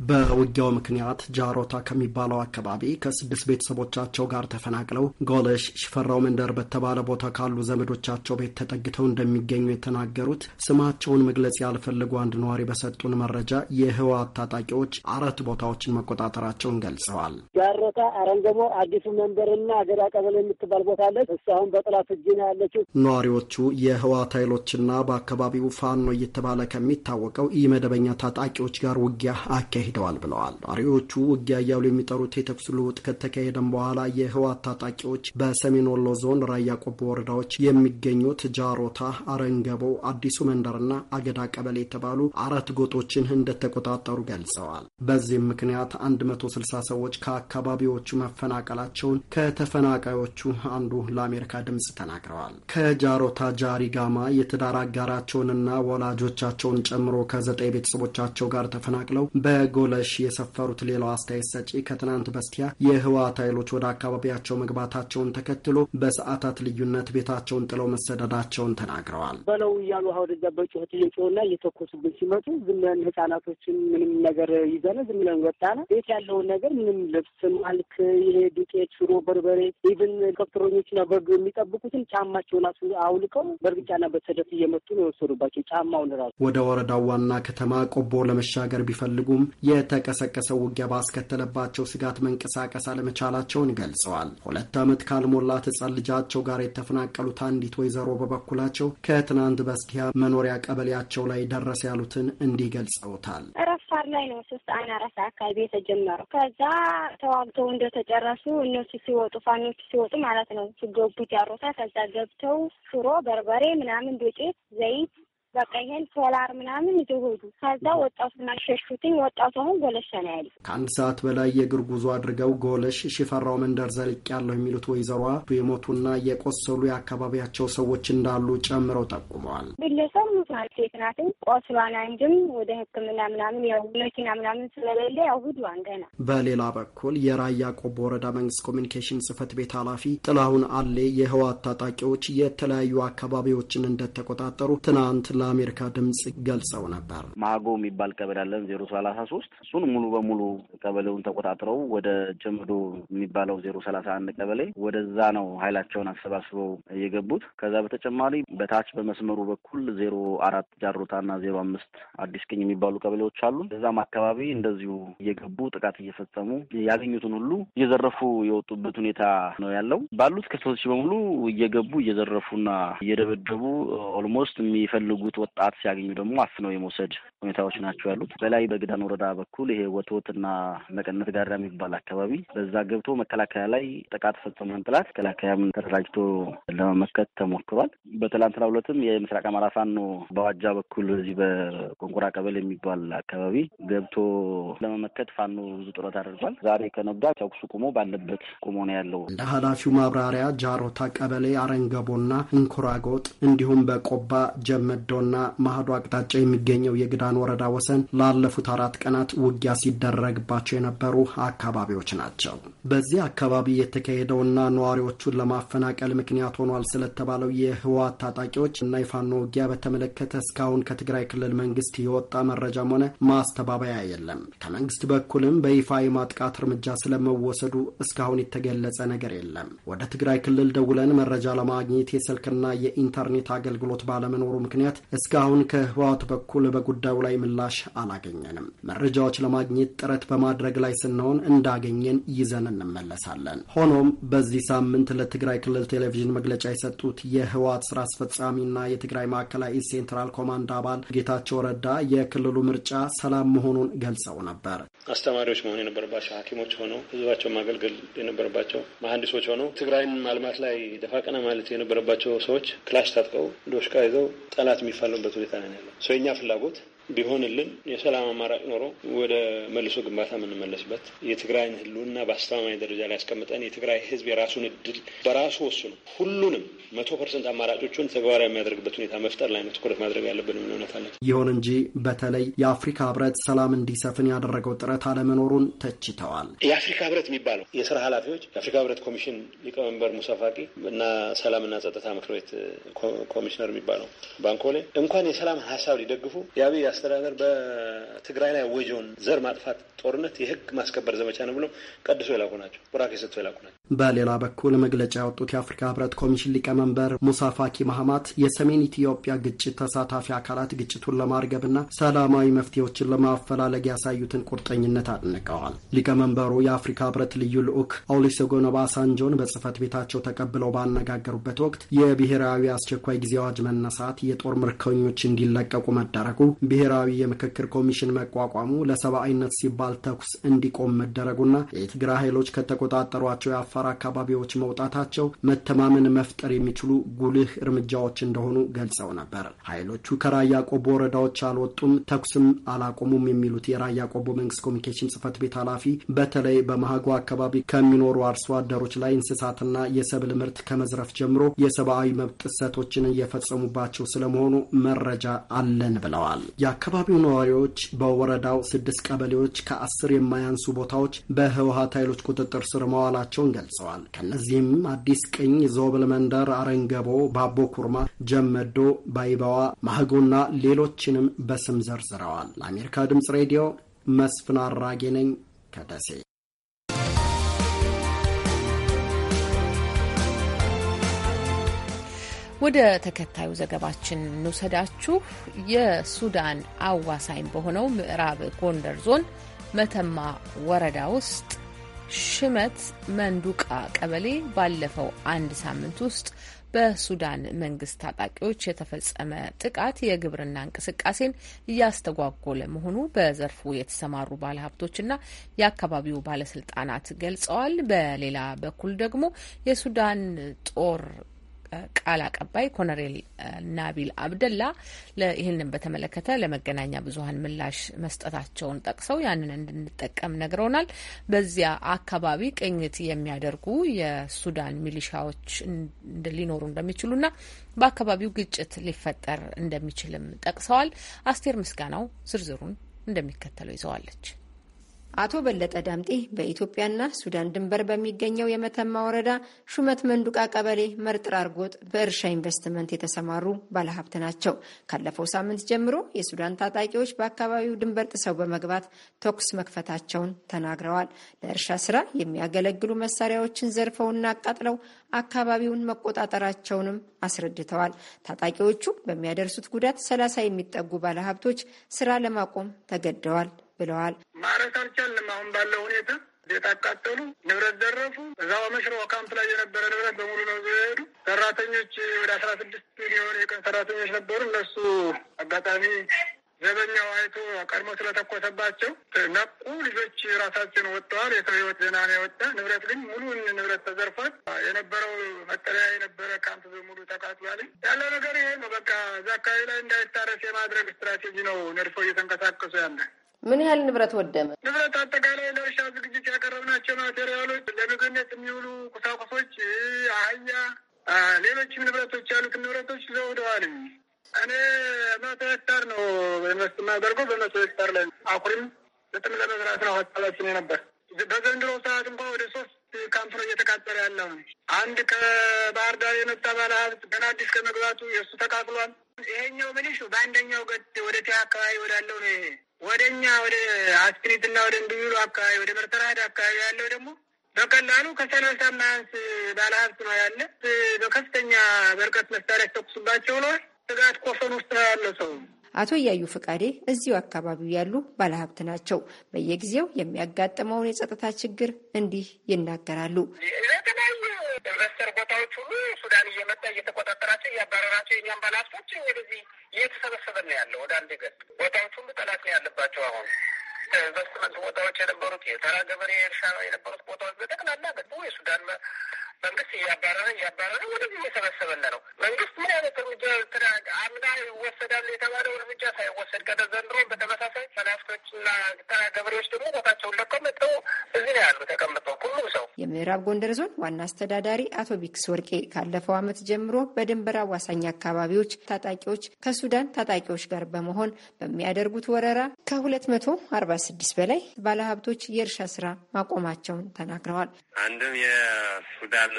S10: በውጊያው
S13: ምክንያት ጃሮታ ከሚባለው አካባቢ ከስድስት ቤተሰቦቻቸው ጋር ተፈናቅለው ጎለሽ ሽፈራው መንደር በተባለ ቦታ ካሉ ዘመዶቻቸው ቤት ተጠግተው እንደሚገኙ የተናገሩት ስማቸውን መግለጽ ያልፈልጉ አንድ ነዋሪ በሰጡን መረጃ የህወሓት ታጣቂዎች አራት ቦታዎችን መቆጣጠራቸውን ገልጸዋል።
S7: ጃሮታ፣ አረንገሞ፣ አዲሱ መንደርና አገዳ ቀበሌ የምትባል ቦታ አለች። እስካሁን በጠላት እጅ ነው ያለችው።
S13: ነዋሪዎቹ የህወሓት ኃይሎችና በአካባቢው ፋኖ እየተባለ ከሚታወቀው ኢ መደበኛ ታጣቂዎች ጋር ውጊያ አካሄ ተካሂደዋል ብለዋል። ራሪዎቹ ውጊያ እያሉ የሚጠሩት የተኩስ ልውውጥ ከተካሄደም በኋላ የህወሓት ታጣቂዎች በሰሜን ወሎ ዞን ራያ ቆቦ ወረዳዎች የሚገኙት ጃሮታ፣ አረንገቦ፣ አዲሱ መንደርና አገዳ ቀበሌ የተባሉ አራት ጎጦችን እንደተቆጣጠሩ ገልጸዋል። በዚህም ምክንያት 160 ሰዎች ከአካባቢዎቹ መፈናቀላቸውን ከተፈናቃዮቹ አንዱ ለአሜሪካ ድምፅ ተናግረዋል። ከጃሮታ ጃሪ ጋማ የትዳር አጋራቸውንና ወላጆቻቸውን ጨምሮ ከዘጠኝ ቤተሰቦቻቸው ጋር ተፈናቅለው በ በጎለሽ የሰፈሩት ሌላው አስተያየት ሰጪ ከትናንት በስቲያ የህወሓት ኃይሎች ወደ አካባቢያቸው መግባታቸውን ተከትሎ በሰዓታት ልዩነት ቤታቸውን ጥለው መሰደዳቸውን ተናግረዋል።
S12: በለው እያሉ ሀውደዛ
S7: በጩኸት እየጮሁና እየተኮሱብን ሲመጡ ዝም ብለን ህጻናቶችን ምንም ነገር ይዘን ዝም ብለን ወጣን። ቤት ያለውን ነገር ምንም ልብስ፣ ማልክ፣ ይሄ ዱቄት፣ ሽሮ፣ በርበሬ ኢቭን ከብትሮኞችና በግ የሚጠብቁትን ጫማቸውን አውልቀው በእርግጫና በሰደት እየመጡ ነው የወሰዱባቸው
S13: ጫማውን ራሱ። ወደ ወረዳው ዋና ከተማ ቆቦ ለመሻገር ቢፈልጉም የተቀሰቀሰው ውጊያ ባስከተለባቸው ስጋት መንቀሳቀስ አለመቻላቸውን ገልጸዋል። ሁለት ዓመት ካልሞላት ሕፃን ልጃቸው ጋር የተፈናቀሉት አንዲት ወይዘሮ በበኩላቸው ከትናንት በስቲያ መኖሪያ ቀበሌያቸው ላይ ደረሰ ያሉትን እንዲህ ገልጸውታል።
S7: ረፋር ላይ ነው ሶስት አና አካባቢ የተጀመረው ከዛ ተዋግተው እንደተጨረሱ እነሱ ሲወጡ ፋኖቹ ሲወጡ ማለት ነው ሲገቡት ያሮታ ከዛ ገብተው ሽሮ፣ በርበሬ ምናምን ዱቄት፣ ዘይት በቃ ይሄን ሶላር ምናምን ይዞ ሄዱ። ከዛ ወጣቱና ሸሹትኝ። ወጣቱ አሁን ጎለሸ ነው ያለ።
S13: ከአንድ ሰዓት በላይ የእግር ጉዞ አድርገው ጎለሽ ሽፈራው መንደር ዘልቅ ያለው የሚሉት ወይዘሯ የሞቱና የቆሰሉ የአካባቢያቸው ሰዎች እንዳሉ ጨምረው ጠቁመዋል።
S5: ግለሰብ ሙቷል።
S7: ሴት ናት። ቆስሏን አንድም ወደ ሕክምና ምናምን ያው መኪና ምናምን ስለሌለ ያው ሂዷን አንገና።
S13: በሌላ በኩል የራያ ቆቦ ወረዳ መንግስት ኮሚኒኬሽን ጽህፈት ቤት ኃላፊ ጥላሁን አሌ የህወሓት ታጣቂዎች የተለያዩ አካባቢዎችን እንደተቆጣጠሩ ትናንት ለአሜሪካ ድምፅ ገልጸው ነበር።
S7: ማጎ የሚባል ቀበሌ አለን ዜሮ ሰላሳ ሶስት እሱን ሙሉ በሙሉ ቀበሌውን ተቆጣጥረው ወደ ጀምዶ የሚባለው ዜሮ ሰላሳ አንድ ቀበሌ ወደዛ ነው ኃይላቸውን አሰባስበው የገቡት። ከዛ በተጨማሪ በታች በመስመሩ በኩል ዜሮ አራት ጃሮታና ዜሮ አምስት አዲስ ቅኝ የሚባሉ ቀበሌዎች አሉ። እዛም አካባቢ እንደዚሁ እየገቡ ጥቃት እየፈጸሙ ያገኙትን ሁሉ እየዘረፉ የወጡበት ሁኔታ ነው ያለው። ባሉት ክፍተቶች በሙሉ እየገቡ እየዘረፉና እየደበደቡ ኦልሞስት የሚፈልጉት ያሉት ወጣት ሲያገኙ ደግሞ አፍነው የመውሰድ ሁኔታዎች ናቸው ያሉት። በላይ በግዳን ወረዳ በኩል ይሄ ወትወትና መቀነት ጋራ የሚባል አካባቢ በዛ ገብቶ መከላከያ ላይ ጥቃት ፈጸመን ጥላት መከላከያም ተደራጅቶ ለመመከት ተሞክሯል። በትላንትና ሁለትም የምስራቅ አማራ ፋኖ በዋጃ በኩል እዚህ በቆንቁራ ቀበሌ የሚባል አካባቢ ገብቶ ለመመከት ፋኖ ብዙ ጥረት አድርጓል። ዛሬ ከነጋ ተኩሱ ቁሞ ባለበት ቁሞ ነው ያለው።
S13: እንደ ኃላፊው ማብራሪያ ጃሮታ ቀበሌ አረንገቦና እንኩራጎጥ እንዲሁም በቆባ ጀመዶ ና ማህዶ አቅጣጫ የሚገኘው የግዳን ወረዳ ወሰን ላለፉት አራት ቀናት ውጊያ ሲደረግባቸው የነበሩ አካባቢዎች ናቸው። በዚህ አካባቢ የተካሄደውና ነዋሪዎቹን ለማፈናቀል ምክንያት ሆኗል ስለተባለው የህወሓት ታጣቂዎች እና የፋኖ ውጊያ በተመለከተ እስካሁን ከትግራይ ክልል መንግስት የወጣ መረጃም ሆነ ማስተባበያ የለም። ከመንግስት በኩልም በይፋ የማጥቃት እርምጃ ስለመወሰዱ እስካሁን የተገለጸ ነገር የለም። ወደ ትግራይ ክልል ደውለን መረጃ ለማግኘት የስልክና የኢንተርኔት አገልግሎት ባለመኖሩ ምክንያት እስካሁን ከህወሓቱ በኩል በጉዳዩ ላይ ምላሽ አላገኘንም። መረጃዎች ለማግኘት ጥረት በማድረግ ላይ ስንሆን እንዳገኘን ይዘን እንመለሳለን። ሆኖም በዚህ ሳምንት ለትግራይ ክልል ቴሌቪዥን መግለጫ የሰጡት የህወሓት ስራ አስፈጻሚና የትግራይ ማዕከላዊ ሴንትራል ኮማንድ አባል ጌታቸው ረዳ የክልሉ ምርጫ ሰላም መሆኑን ገልጸው ነበር።
S14: አስተማሪዎች መሆን የነበረባቸው ሐኪሞች ሆነው ህዝባቸው ማገልገል የነበረባቸው መሀንዲሶች ሆነው ትግራይን ማልማት ላይ ደፋቀና ማለት የነበረባቸው ሰዎች ክላሽ ታጥቀው ዶሽቃ ይዘው ጠላት ባሉበት ሁኔታ ነው ያለው። የእኛ ፍላጎት ቢሆንልን የሰላም አማራጭ ኖሮ ወደ መልሶ ግንባታ የምንመለስበት የትግራይን ህልውና በአስተማማኝ ደረጃ ላይ ያስቀምጠን የትግራይ ህዝብ የራሱን እድል በራሱ ወስኖ ሁሉንም መቶ ፐርሰንት አማራጮቹን ተግባራዊ የሚያደርግበት ሁኔታ መፍጠር ላይ ነው ትኩረት ማድረግ ያለብን የሚል እውነት
S13: ይሁን እንጂ በተለይ የአፍሪካ ህብረት ሰላም እንዲሰፍን ያደረገው ጥረት አለመኖሩን ተችተዋል።
S14: የአፍሪካ ህብረት የሚባለው የስራ ኃላፊዎች የአፍሪካ ህብረት ኮሚሽን ሊቀመንበር ሙሳ ፋቂ እና ሰላምና ጸጥታ ምክር ቤት ኮሚሽነር የሚባለው ባንኮሌ እንኳን የሰላም ሀሳብ ሊደግፉ የአብይ አስተዳደር በትግራይ ላይ ያወጀውን ዘር ማጥፋት ጦርነት የህግ ማስከበር ዘመቻ ነው ብሎ ቀድሶ የላኩ ናቸው። ቡራኬ ሰጥቶ የላኩ ናቸው።
S13: በሌላ በኩል መግለጫ ያወጡት የአፍሪካ ህብረት ኮሚሽን ሊቀመንበር ሙሳ ፋኪ ማህማት የሰሜን ኢትዮጵያ ግጭት ተሳታፊ አካላት ግጭቱን ለማርገብና ሰላማዊ መፍትሄዎችን ለማፈላለግ ያሳዩትን ቁርጠኝነት አድንቀዋል። ሊቀመንበሩ የአፍሪካ ህብረት ልዩ ልዑክ ኦሉሴጎን ኦባሳንጆን በጽህፈት ቤታቸው ተቀብለው ባነጋገሩበት ወቅት የብሔራዊ አስቸኳይ ጊዜ አዋጅ መነሳት የጦር ምርኮኞች እንዲለቀቁ መደረጉ ብሔራዊ የምክክር ኮሚሽን መቋቋሙ ለሰብአዊነት ሲባል ተኩስ እንዲቆም መደረጉና የትግራይ ኃይሎች ከተቆጣጠሯቸው የአፋር አካባቢዎች መውጣታቸው መተማመን መፍጠር የሚችሉ ጉልህ እርምጃዎች እንደሆኑ ገልጸው ነበር። ኃይሎቹ ከራያ ቆቦ ወረዳዎች አልወጡም፣ ተኩስም አላቆሙም የሚሉት የራያ ቆቦ መንግስት ኮሚኒኬሽን ጽህፈት ቤት ኃላፊ በተለይ በማህጎ አካባቢ ከሚኖሩ አርሶ አደሮች ላይ እንስሳትና የሰብል ምርት ከመዝረፍ ጀምሮ የሰብአዊ መብት ጥሰቶችን እየፈጸሙባቸው ስለመሆኑ መረጃ አለን ብለዋል። የአካባቢው ነዋሪዎች በወረዳው ስድስት ቀበሌዎች ከአስር የማያንሱ ቦታዎች በህወሀት ኃይሎች ቁጥጥር ስር መዋላቸውን ገልጸዋል። ከነዚህም አዲስ ቅኝ፣ ዞብል መንደር፣ አረንገቦ፣ ባቦ ኩርማ፣ ጀመዶ፣ ባይባዋ፣ ማህጎና ሌሎችንም በስም ዘርዝረዋል። ለአሜሪካ ድምጽ ሬዲዮ መስፍን አራጌ ነኝ ከደሴ
S1: ወደ ተከታዩ ዘገባችን እንውሰዳችሁ። የሱዳን አዋሳኝ በሆነው ምዕራብ ጎንደር ዞን መተማ ወረዳ ውስጥ ሽመት መንዱቃ ቀበሌ ባለፈው አንድ ሳምንት ውስጥ በሱዳን መንግስት ታጣቂዎች የተፈጸመ ጥቃት የግብርና እንቅስቃሴን እያስተጓጎለ መሆኑ በዘርፉ የተሰማሩ ባለሀብቶችና የአካባቢው ባለስልጣናት ገልጸዋል። በሌላ በኩል ደግሞ የሱዳን ጦር ቃል አቀባይ ኮሎኔል ናቢል አብደላ ይህንን በተመለከተ ለመገናኛ ብዙኃን ምላሽ መስጠታቸውን ጠቅሰው ያንን እንድንጠቀም ነግረውናል። በዚያ አካባቢ ቅኝት የሚያደርጉ የሱዳን ሚሊሻዎች ሊኖሩ እንደሚችሉና በአካባቢው ግጭት ሊፈጠር እንደሚችልም ጠቅሰዋል። አስቴር ምስጋናው ዝርዝሩን እንደሚከተለው ይዘዋለች። አቶ በለጠ
S3: ዳምጤ በኢትዮጵያና ሱዳን ድንበር በሚገኘው የመተማ ወረዳ ሹመት መንዱቃ ቀበሌ መርጥር አርጎጥ በእርሻ ኢንቨስትመንት የተሰማሩ ባለሀብት ናቸው። ካለፈው ሳምንት ጀምሮ የሱዳን ታጣቂዎች በአካባቢው ድንበር ጥሰው በመግባት ተኩስ መክፈታቸውን ተናግረዋል። ለእርሻ ስራ የሚያገለግሉ መሳሪያዎችን ዘርፈውና አቃጥለው አካባቢውን መቆጣጠራቸውንም አስረድተዋል። ታጣቂዎቹ በሚያደርሱት ጉዳት ሰላሳ የሚጠጉ ባለሀብቶች ስራ ለማቆም ተገደዋል ብለዋል። ማረስ አልቻልንም። አሁን ባለው ሁኔታ
S8: ቤት አቃጠሉ፣ ንብረት ዘረፉ። እዛው መሽሮ ካምፕ ላይ የነበረ ንብረት በሙሉ ነው ሄዱ። ሰራተኞች ወደ አስራ ስድስት ሚሊዮን የቀን ሰራተኞች ነበሩ። እነሱ አጋጣሚ ዘበኛው አይቶ ቀድሞ ስለተኮሰባቸው ነቁ። ልጆች ራሳችን ወጥተዋል። የሰው ህይወት ዜና ነው የወጣ። ንብረት ግን ሙሉን ንብረት ተዘርፏል። የነበረው መጠለያ የነበረ ካምፕ በሙሉ ተቃጥሏል። ያለው ነገር ይሄ ነው። በቃ እዛ አካባቢ ላይ እንዳይታረስ የማድረግ ስትራቴጂ ነው ነድፎ እየተንቀሳቀሱ ያለ
S3: ምን ያህል ንብረት ወደመ?
S8: ንብረት አጠቃላይ ለእርሻ ዝግጅት ያቀረብናቸው ማቴሪያሎች፣ ለምግብነት የሚውሉ ቁሳቁሶች፣ አህያ፣ ሌሎችም ንብረቶች ያሉት ንብረቶች ዘውደዋል። እኔ መቶ ሄክታር ነው ማደርጎ በመቶ ሄክታር ላይ አኩሪም ጥጥም ለመዝራት ነው ሀሳባችን ነበር። በዘንድሮ ሰዓት እንኳ ወደ ሶስት ካምፕ ነው እየተቃጠለ ያለው። አንድ ከባህር ዳር የመጣ ባለ ሀብት ገና አዲስ ከመግባቱ የእሱ ተቃጥሏል። ይሄኛው ምንሹ በአንደኛው ገድ ወደ ቲያ አካባቢ ወዳለው ነው ይሄ ወደ እኛ ወደ አስክሪትና ወደ እንድዩሉ አካባቢ ወደ መርተራሃድ አካባቢ ያለው ደግሞ በቀላሉ ከሰላሳ ማያንስ ባለሀብት ነው ያለ። በከፍተኛ በርቀት መሳሪያ ተኩሱባቸው ነዋል። ስጋት ኮፈን ውስጥ ያለው ሰው
S3: አቶ እያዩ ፈቃዴ እዚሁ አካባቢው ያሉ ባለሀብት ናቸው። በየጊዜው የሚያጋጥመውን የጸጥታ ችግር እንዲህ ይናገራሉ።
S8: ኢንቨስተር ቦታዎች ሁሉ ሱዳን እየመጣ እየተቆጣጠራቸው እያባረራቸው የኛም ባለሀብቶች ወደዚህ እየተሰበሰበ ነው ያለው። ወደ አንድ ገ ቦታዎች ሁሉ ጠላት ነው ያለባቸው አሁን ኢንቨስትመንት ቦታዎች የነበሩት የተራ ገበሬ እርሻ የነበሩት ቦታዎች በጠቅላላ ደግሞ የሱዳን መንግስት እያባረረ እያባረረ ወደዚህ እየሰበሰበለ ነው። መንግስት ምን አይነት እርምጃ አምና ይወሰዳል የተባለው እርምጃ ሳይወሰድ ቀደ። ዘንድሮ በተመሳሳይ ሰላፍቶችና ተራ ገበሬዎች ደግሞ ቦታቸውን ለቀው መጥተው እዚህ ነው ያሉ
S3: ተቀምጠው ሁሉም ሰው። የምዕራብ ጎንደር ዞን ዋና አስተዳዳሪ አቶ ቢክስ ወርቄ ካለፈው ዓመት ጀምሮ በድንበር አዋሳኝ አካባቢዎች ታጣቂዎች ከሱዳን ታጣቂዎች ጋር በመሆን በሚያደርጉት ወረራ ከሁለት መቶ አርባ ስድስት በላይ ባለሀብቶች የእርሻ ስራ ማቆማቸውን ተናግረዋል።
S14: አንድም የሱዳን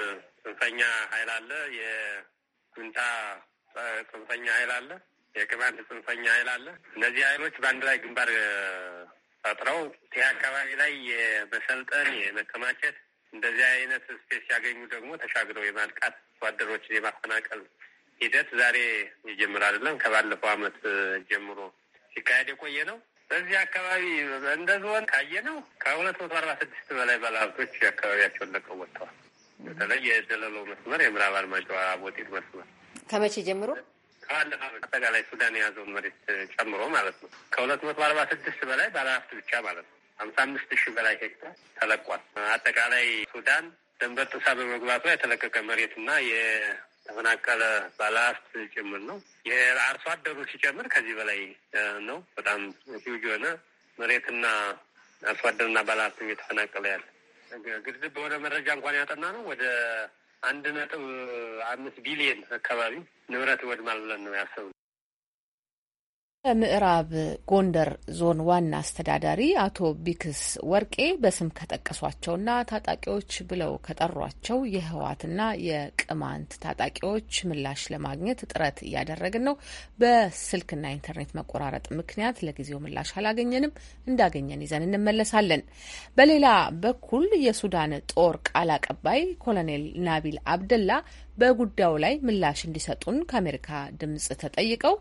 S14: ጽንፈኛ ኃይል አለ፣ የጉንታ ጽንፈኛ ኃይል አለ፣ የቅማንት ጽንፈኛ ኃይል አለ። እነዚህ ኃይሎች በአንድ ላይ ግንባር ፈጥረው ይህ አካባቢ ላይ የመሰልጠን የመከማቸት እንደዚህ አይነት ስፔስ ሲያገኙ ደግሞ ተሻግረው የማልቃት ወታደሮችን የማፈናቀል ሂደት ዛሬ ይጀምር አይደለም ከባለፈው አመት ጀምሮ ሲካሄድ የቆየ ነው። በዚህ አካባቢ እንደ ዞን ካየ ነው ከሁለት መቶ አርባ ስድስት በላይ ባለሀብቶች አካባቢያቸውን ለቀው ወጥተዋል። በተለይ የደለሎ መስመር የምዕራብ አርማጭሆ ቦጢት መስመር ከመቼ ጀምሮ አጠቃላይ ሱዳን የያዘውን መሬት ጨምሮ ማለት ነው ከሁለት መቶ አርባ ስድስት በላይ ባለሀብት ብቻ ማለት ነው ሀምሳ አምስት ሺህ በላይ ሄክታር ተለቋል። አጠቃላይ ሱዳን ድንበር ጥሳ በመግባቷ የተለቀቀ መሬትና ተፈናቀለ ባላስት ጭምር ነው። የአርሶ አደሩ ሲጨምር ከዚህ በላይ ነው። በጣም ሂውጅ የሆነ መሬትና አርሶ አደርና ባላስት እየተፈናቀለ ያለ ግድብ በሆነ መረጃ እንኳን ያጠና ነው ወደ አንድ ነጥብ አምስት ቢሊየን አካባቢ ንብረት ወድማል ብለን ነው ያሰብነው።
S1: በምዕራብ ጎንደር ዞን ዋና አስተዳዳሪ አቶ ቢክስ ወርቄ በስም ከጠቀሷቸውና ታጣቂዎች ብለው ከጠሯቸው የህወሓትና የቅማንት ታጣቂዎች ምላሽ ለማግኘት ጥረት እያደረግን ነው። በስልክና ኢንተርኔት መቆራረጥ ምክንያት ለጊዜው ምላሽ አላገኘንም። እንዳገኘን ይዘን እንመለሳለን። በሌላ በኩል የሱዳን ጦር ቃል አቀባይ ኮሎኔል ናቢል አብደላ በጉዳዩ ላይ ምላሽ እንዲሰጡን ከአሜሪካ ድምጽ ተጠይቀው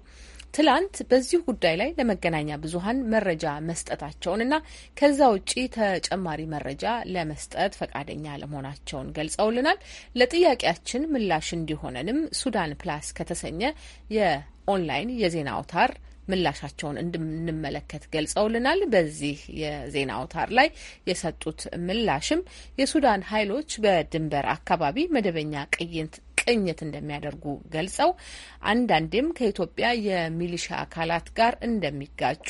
S1: ትላንት በዚሁ ጉዳይ ላይ ለመገናኛ ብዙኃን መረጃ መስጠታቸውንና ከዛ ውጪ ተጨማሪ መረጃ ለመስጠት ፈቃደኛ ለመሆናቸውን ገልጸውልናል። ለጥያቄያችን ምላሽ እንዲሆነንም ሱዳን ፕላስ ከተሰኘ የኦንላይን የዜና አውታር ምላሻቸውን እንድንመለከት ገልጸውልናል። በዚህ የዜና አውታር ላይ የሰጡት ምላሽም የሱዳን ኃይሎች በድንበር አካባቢ መደበኛ ቅይንት ቅኝት እንደሚያደርጉ ገልጸው አንዳንዴም ከኢትዮጵያ የሚሊሻ አካላት ጋር እንደሚጋጩ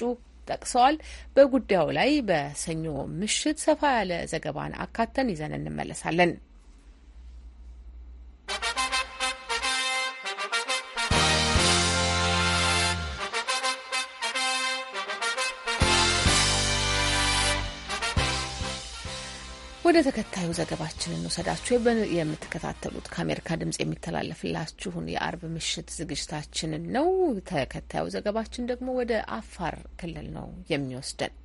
S1: ጠቅሰዋል። በጉዳዩ ላይ በሰኞ ምሽት ሰፋ ያለ ዘገባን አካተን ይዘን እንመለሳለን። ወደ ተከታዩ ዘገባችን እንውሰዳችሁ። የምትከታተሉት ከአሜሪካ ድምጽ የሚተላለፍላችሁን የአርብ ምሽት ዝግጅታችንን ነው። ተከታዩ ዘገባችን ደግሞ ወደ አፋር ክልል ነው የሚወስደን።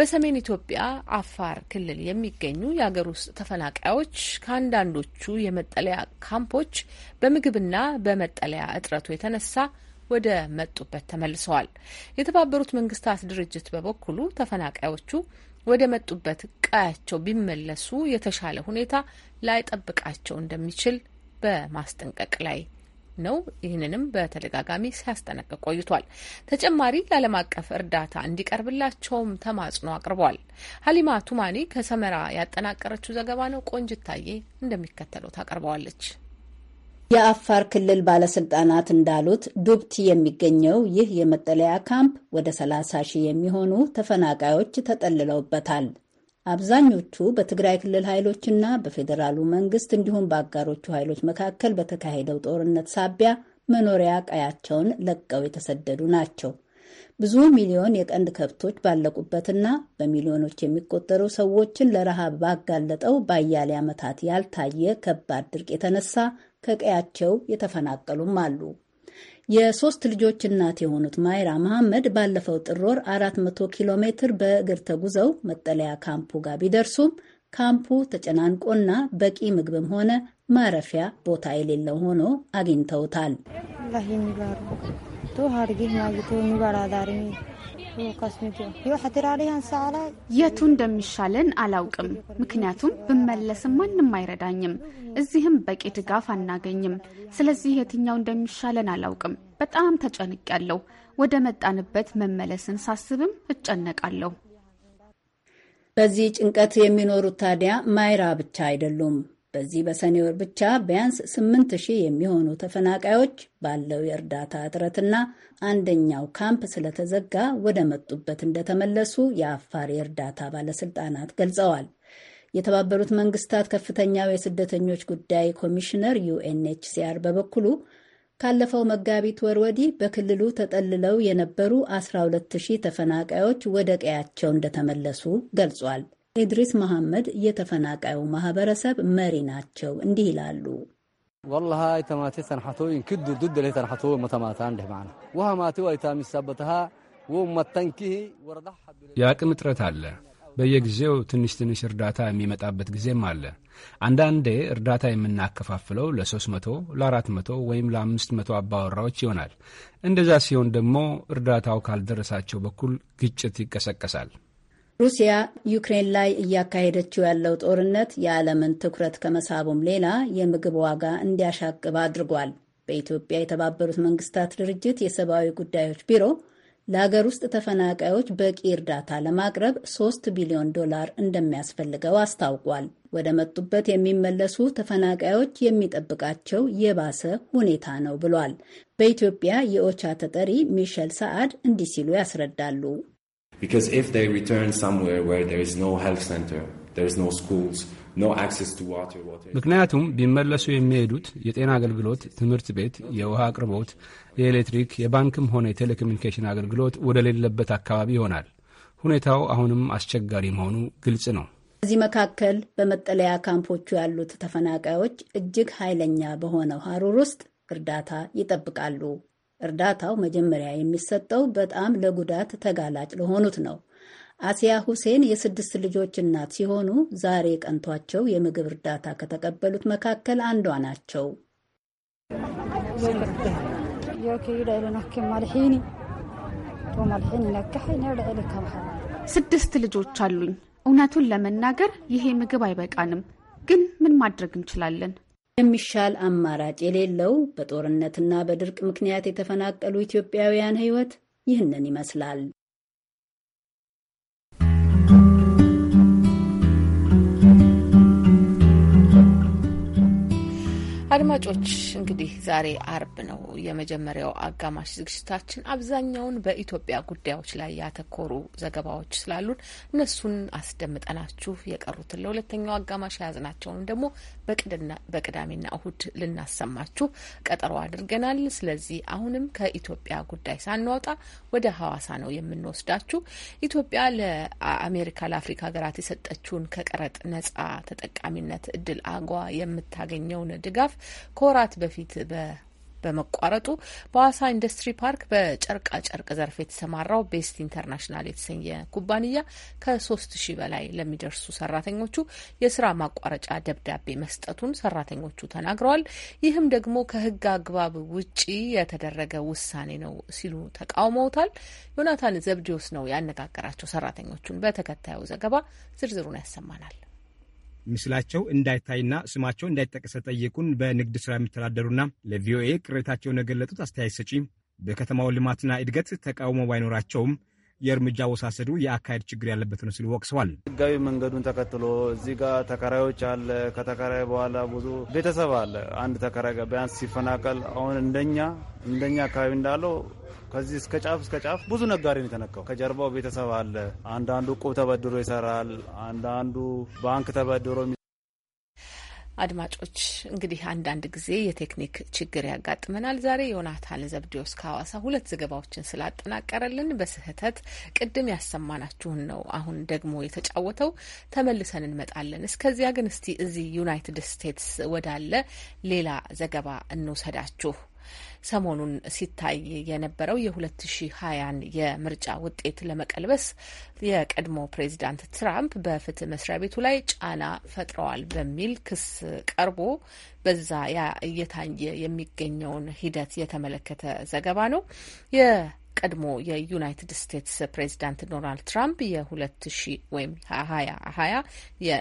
S1: በሰሜን ኢትዮጵያ አፋር ክልል የሚገኙ የሀገር ውስጥ ተፈናቃዮች ከአንዳንዶቹ የመጠለያ ካምፖች በምግብና በመጠለያ እጥረቱ የተነሳ ወደ መጡበት ተመልሰዋል። የተባበሩት መንግስታት ድርጅት በበኩሉ ተፈናቃዮቹ ወደ መጡበት ቀያቸው ቢመለሱ የተሻለ ሁኔታ ላይጠብቃቸው እንደሚችል በማስጠንቀቅ ላይ ነው። ይህንንም በተደጋጋሚ ሲያስጠነቅቅ ቆይቷል። ተጨማሪ ለአለም አቀፍ እርዳታ እንዲቀርብላቸውም ተማጽኖ አቅርቧል። ሀሊማ ቱማኒ ከሰመራ ያጠናቀረችው ዘገባ ነው። ቆንጅታዬ እንደሚከተለው ታቀርበዋለች።
S9: የአፋር ክልል ባለስልጣናት እንዳሉት ዱብቲ የሚገኘው ይህ የመጠለያ ካምፕ ወደ 30 ሺህ የሚሆኑ ተፈናቃዮች ተጠልለውበታል። አብዛኞቹ በትግራይ ክልል ኃይሎችና በፌዴራሉ መንግስት እንዲሁም በአጋሮቹ ኃይሎች መካከል በተካሄደው ጦርነት ሳቢያ መኖሪያ ቀያቸውን ለቀው የተሰደዱ ናቸው። ብዙ ሚሊዮን የቀንድ ከብቶች ባለቁበትና በሚሊዮኖች የሚቆጠሩ ሰዎችን ለረሃብ ባጋለጠው በአያሌ ዓመታት ያልታየ ከባድ ድርቅ የተነሳ ከቀያቸው የተፈናቀሉም አሉ። የሶስት ልጆች እናት የሆኑት ማይራ መሐመድ ባለፈው ጥር ወር 400 ኪሎ ሜትር በእግር ተጉዘው መጠለያ ካምፑ ጋር ቢደርሱም ካምፑ ተጨናንቆና በቂ ምግብም ሆነ ማረፊያ ቦታ የሌለው ሆኖ አግኝተውታል።
S5: የቱ እንደሚሻለን አላውቅም። ምክንያቱም ብመለስም ማንም አይረዳኝም፣ እዚህም በቂ ድጋፍ አናገኝም። ስለዚህ የትኛው እንደሚሻለን አላውቅም። በጣም ያለው ወደ መጣንበት መመለስን ሳስብም እጨነቃለሁ። በዚህ ጭንቀት
S9: የሚኖሩት ታዲያ ማይራ ብቻ አይደሉም። በዚህ በሰኔ ወር ብቻ ቢያንስ ስምንት ሺህ የሚሆኑ ተፈናቃዮች ባለው የእርዳታ እጥረትና አንደኛው ካምፕ ስለተዘጋ ወደ መጡበት እንደተመለሱ የአፋር የእርዳታ ባለስልጣናት ገልጸዋል። የተባበሩት መንግስታት ከፍተኛው የስደተኞች ጉዳይ ኮሚሽነር ዩኤንኤችሲአር በበኩሉ ካለፈው መጋቢት ወር ወዲህ በክልሉ ተጠልለው የነበሩ 12000 ተፈናቃዮች ወደ ቀያቸው እንደተመለሱ ገልጿል። ኢድሪስ መሐመድ የተፈናቃዩ ማህበረሰብ መሪ ናቸው። እንዲህ ይላሉ።
S15: የአቅም እጥረት አለ። በየጊዜው ትንሽ ትንሽ እርዳታ የሚመጣበት ጊዜም አለ። አንዳንዴ እርዳታ የምናከፋፍለው ለ300 ለ400 ወይም ለ500 አባወራዎች ይሆናል። እንደዛ ሲሆን ደግሞ እርዳታው ካልደረሳቸው በኩል ግጭት ይቀሰቀሳል።
S9: ሩሲያ ዩክሬን ላይ እያካሄደችው ያለው ጦርነት የዓለምን ትኩረት ከመሳቡም ሌላ የምግብ ዋጋ እንዲያሻቅብ አድርጓል። በኢትዮጵያ የተባበሩት መንግስታት ድርጅት የሰብአዊ ጉዳዮች ቢሮ ለአገር ውስጥ ተፈናቃዮች በቂ እርዳታ ለማቅረብ 3 ቢሊዮን ዶላር እንደሚያስፈልገው አስታውቋል። ወደ መጡበት የሚመለሱ ተፈናቃዮች የሚጠብቃቸው የባሰ ሁኔታ ነው ብሏል። በኢትዮጵያ የኦቻ ተጠሪ ሚሸል ሰዓድ እንዲህ ሲሉ ያስረዳሉ።
S14: Because if they return somewhere where there is no health center,
S15: there is no schools, ምክንያቱም ቢመለሱ የሚሄዱት የጤና አገልግሎት፣ ትምህርት ቤት፣ የውሃ አቅርቦት፣ የኤሌክትሪክ፣ የባንክም ሆነ የቴሌኮሚኒኬሽን አገልግሎት ወደሌለበት አካባቢ ይሆናል። ሁኔታው አሁንም አስቸጋሪ መሆኑ ግልጽ ነው።
S9: ከዚህ መካከል በመጠለያ ካምፖቹ ያሉት ተፈናቃዮች እጅግ ኃይለኛ በሆነው ሀሩር ውስጥ እርዳታ ይጠብቃሉ። እርዳታው መጀመሪያ የሚሰጠው በጣም ለጉዳት ተጋላጭ ለሆኑት ነው። አሲያ ሁሴን የስድስት ልጆች እናት ሲሆኑ ዛሬ ቀንቷቸው የምግብ እርዳታ ከተቀበሉት መካከል አንዷ ናቸው።
S5: ስድስት ልጆች አሉኝ። እውነቱን ለመናገር ይሄ ምግብ አይበቃንም፣ ግን ምን ማድረግ እንችላለን? የሚሻል አማራጭ
S9: የሌለው በጦርነትና በድርቅ ምክንያት የተፈናቀሉ ኢትዮጵያውያን ሕይወት ይህንን ይመስላል።
S1: አድማጮች እንግዲህ ዛሬ አርብ ነው። የመጀመሪያው አጋማሽ ዝግጅታችን አብዛኛውን በኢትዮጵያ ጉዳዮች ላይ ያተኮሩ ዘገባዎች ስላሉን እነሱን አስደምጠናችሁ የቀሩትን ለሁለተኛው አጋማሽ የያዝናቸውን ደግሞ በቅዳሜና እሁድ ልናሰማችሁ ቀጠሮ አድርገናል። ስለዚህ አሁንም ከኢትዮጵያ ጉዳይ ሳንወጣ ወደ ሀዋሳ ነው የምንወስዳችሁ። ኢትዮጵያ ለአሜሪካ ለአፍሪካ ሀገራት የሰጠችውን ከቀረጥ ነጻ ተጠቃሚነት እድል አጓ የምታገኘውን ድጋፍ ከወራት በፊት በመቋረጡ በዋሳ ኢንዱስትሪ ፓርክ በጨርቃ ጨርቅ ዘርፍ የተሰማራው ቤስት ኢንተርናሽናል የተሰኘ ኩባንያ ከሶስት ሺህ በላይ ለሚደርሱ ሰራተኞቹ የስራ ማቋረጫ ደብዳቤ መስጠቱን ሰራተኞቹ ተናግረዋል። ይህም ደግሞ ከህግ አግባብ ውጪ የተደረገ ውሳኔ ነው ሲሉ ተቃውመውታል። ዮናታን ዘብዲዎስ ነው ያነጋገራቸው ሰራተኞቹን። በተከታዩ ዘገባ ዝርዝሩን ያሰማናል።
S10: ምስላቸው እንዳይታይና ስማቸው እንዳይጠቀስ ጠየቁን። በንግድ ስራ የሚተዳደሩና ለቪኦኤ ቅሬታቸውን የገለጡት አስተያየት ሰጪ በከተማው ልማትና እድገት ተቃውሞ ባይኖራቸውም የእርምጃ ወሳሰዱ የአካሄድ ችግር ያለበት ነው ሲሉ ወቅሰዋል።
S11: ህጋዊ መንገዱን ተከትሎ እዚህ ጋር ተከራዮች አለ። ከተከራይ በኋላ ብዙ ቤተሰብ አለ። አንድ ተከራይ ጋር ቢያንስ ሲፈናቀል አሁን እንደኛ እንደኛ አካባቢ እንዳለው ከዚህ እስከ ጫፍ እስከ ጫፍ ብዙ ነጋዴ ነው የተነካው። ከጀርባው ቤተሰብ አለ። አንዳንዱ ቁብ ተበድሮ ይሰራል። አንዳንዱ ባንክ ተበድሮ
S1: አድማጮች እንግዲህ አንዳንድ ጊዜ የቴክኒክ ችግር ያጋጥመናል። ዛሬ ዮናታን ዘብዲዎስ ከሐዋሳ ሁለት ዘገባዎችን ስላጠናቀረልን በስህተት ቅድም ያሰማናችሁን ነው አሁን ደግሞ የተጫወተው። ተመልሰን እንመጣለን። እስከዚያ ግን እስቲ እዚህ ዩናይትድ ስቴትስ ወዳለ ሌላ ዘገባ እንውሰዳችሁ። ሰሞኑን ሲታይ የነበረው የ 2020 የምርጫ ውጤት ለመቀልበስ የቀድሞ ፕሬዚዳንት ትራምፕ በፍትህ መስሪያ ቤቱ ላይ ጫና ፈጥረዋል በሚል ክስ ቀርቦ በዛ ያ እየታየ የሚገኘውን ሂደት የተመለከተ ዘገባ ነው። የቀድሞ የዩናይትድ ስቴትስ ፕሬዚዳንት ዶናልድ ትራምፕ የ 2020 ወይም ሀያ ሀያ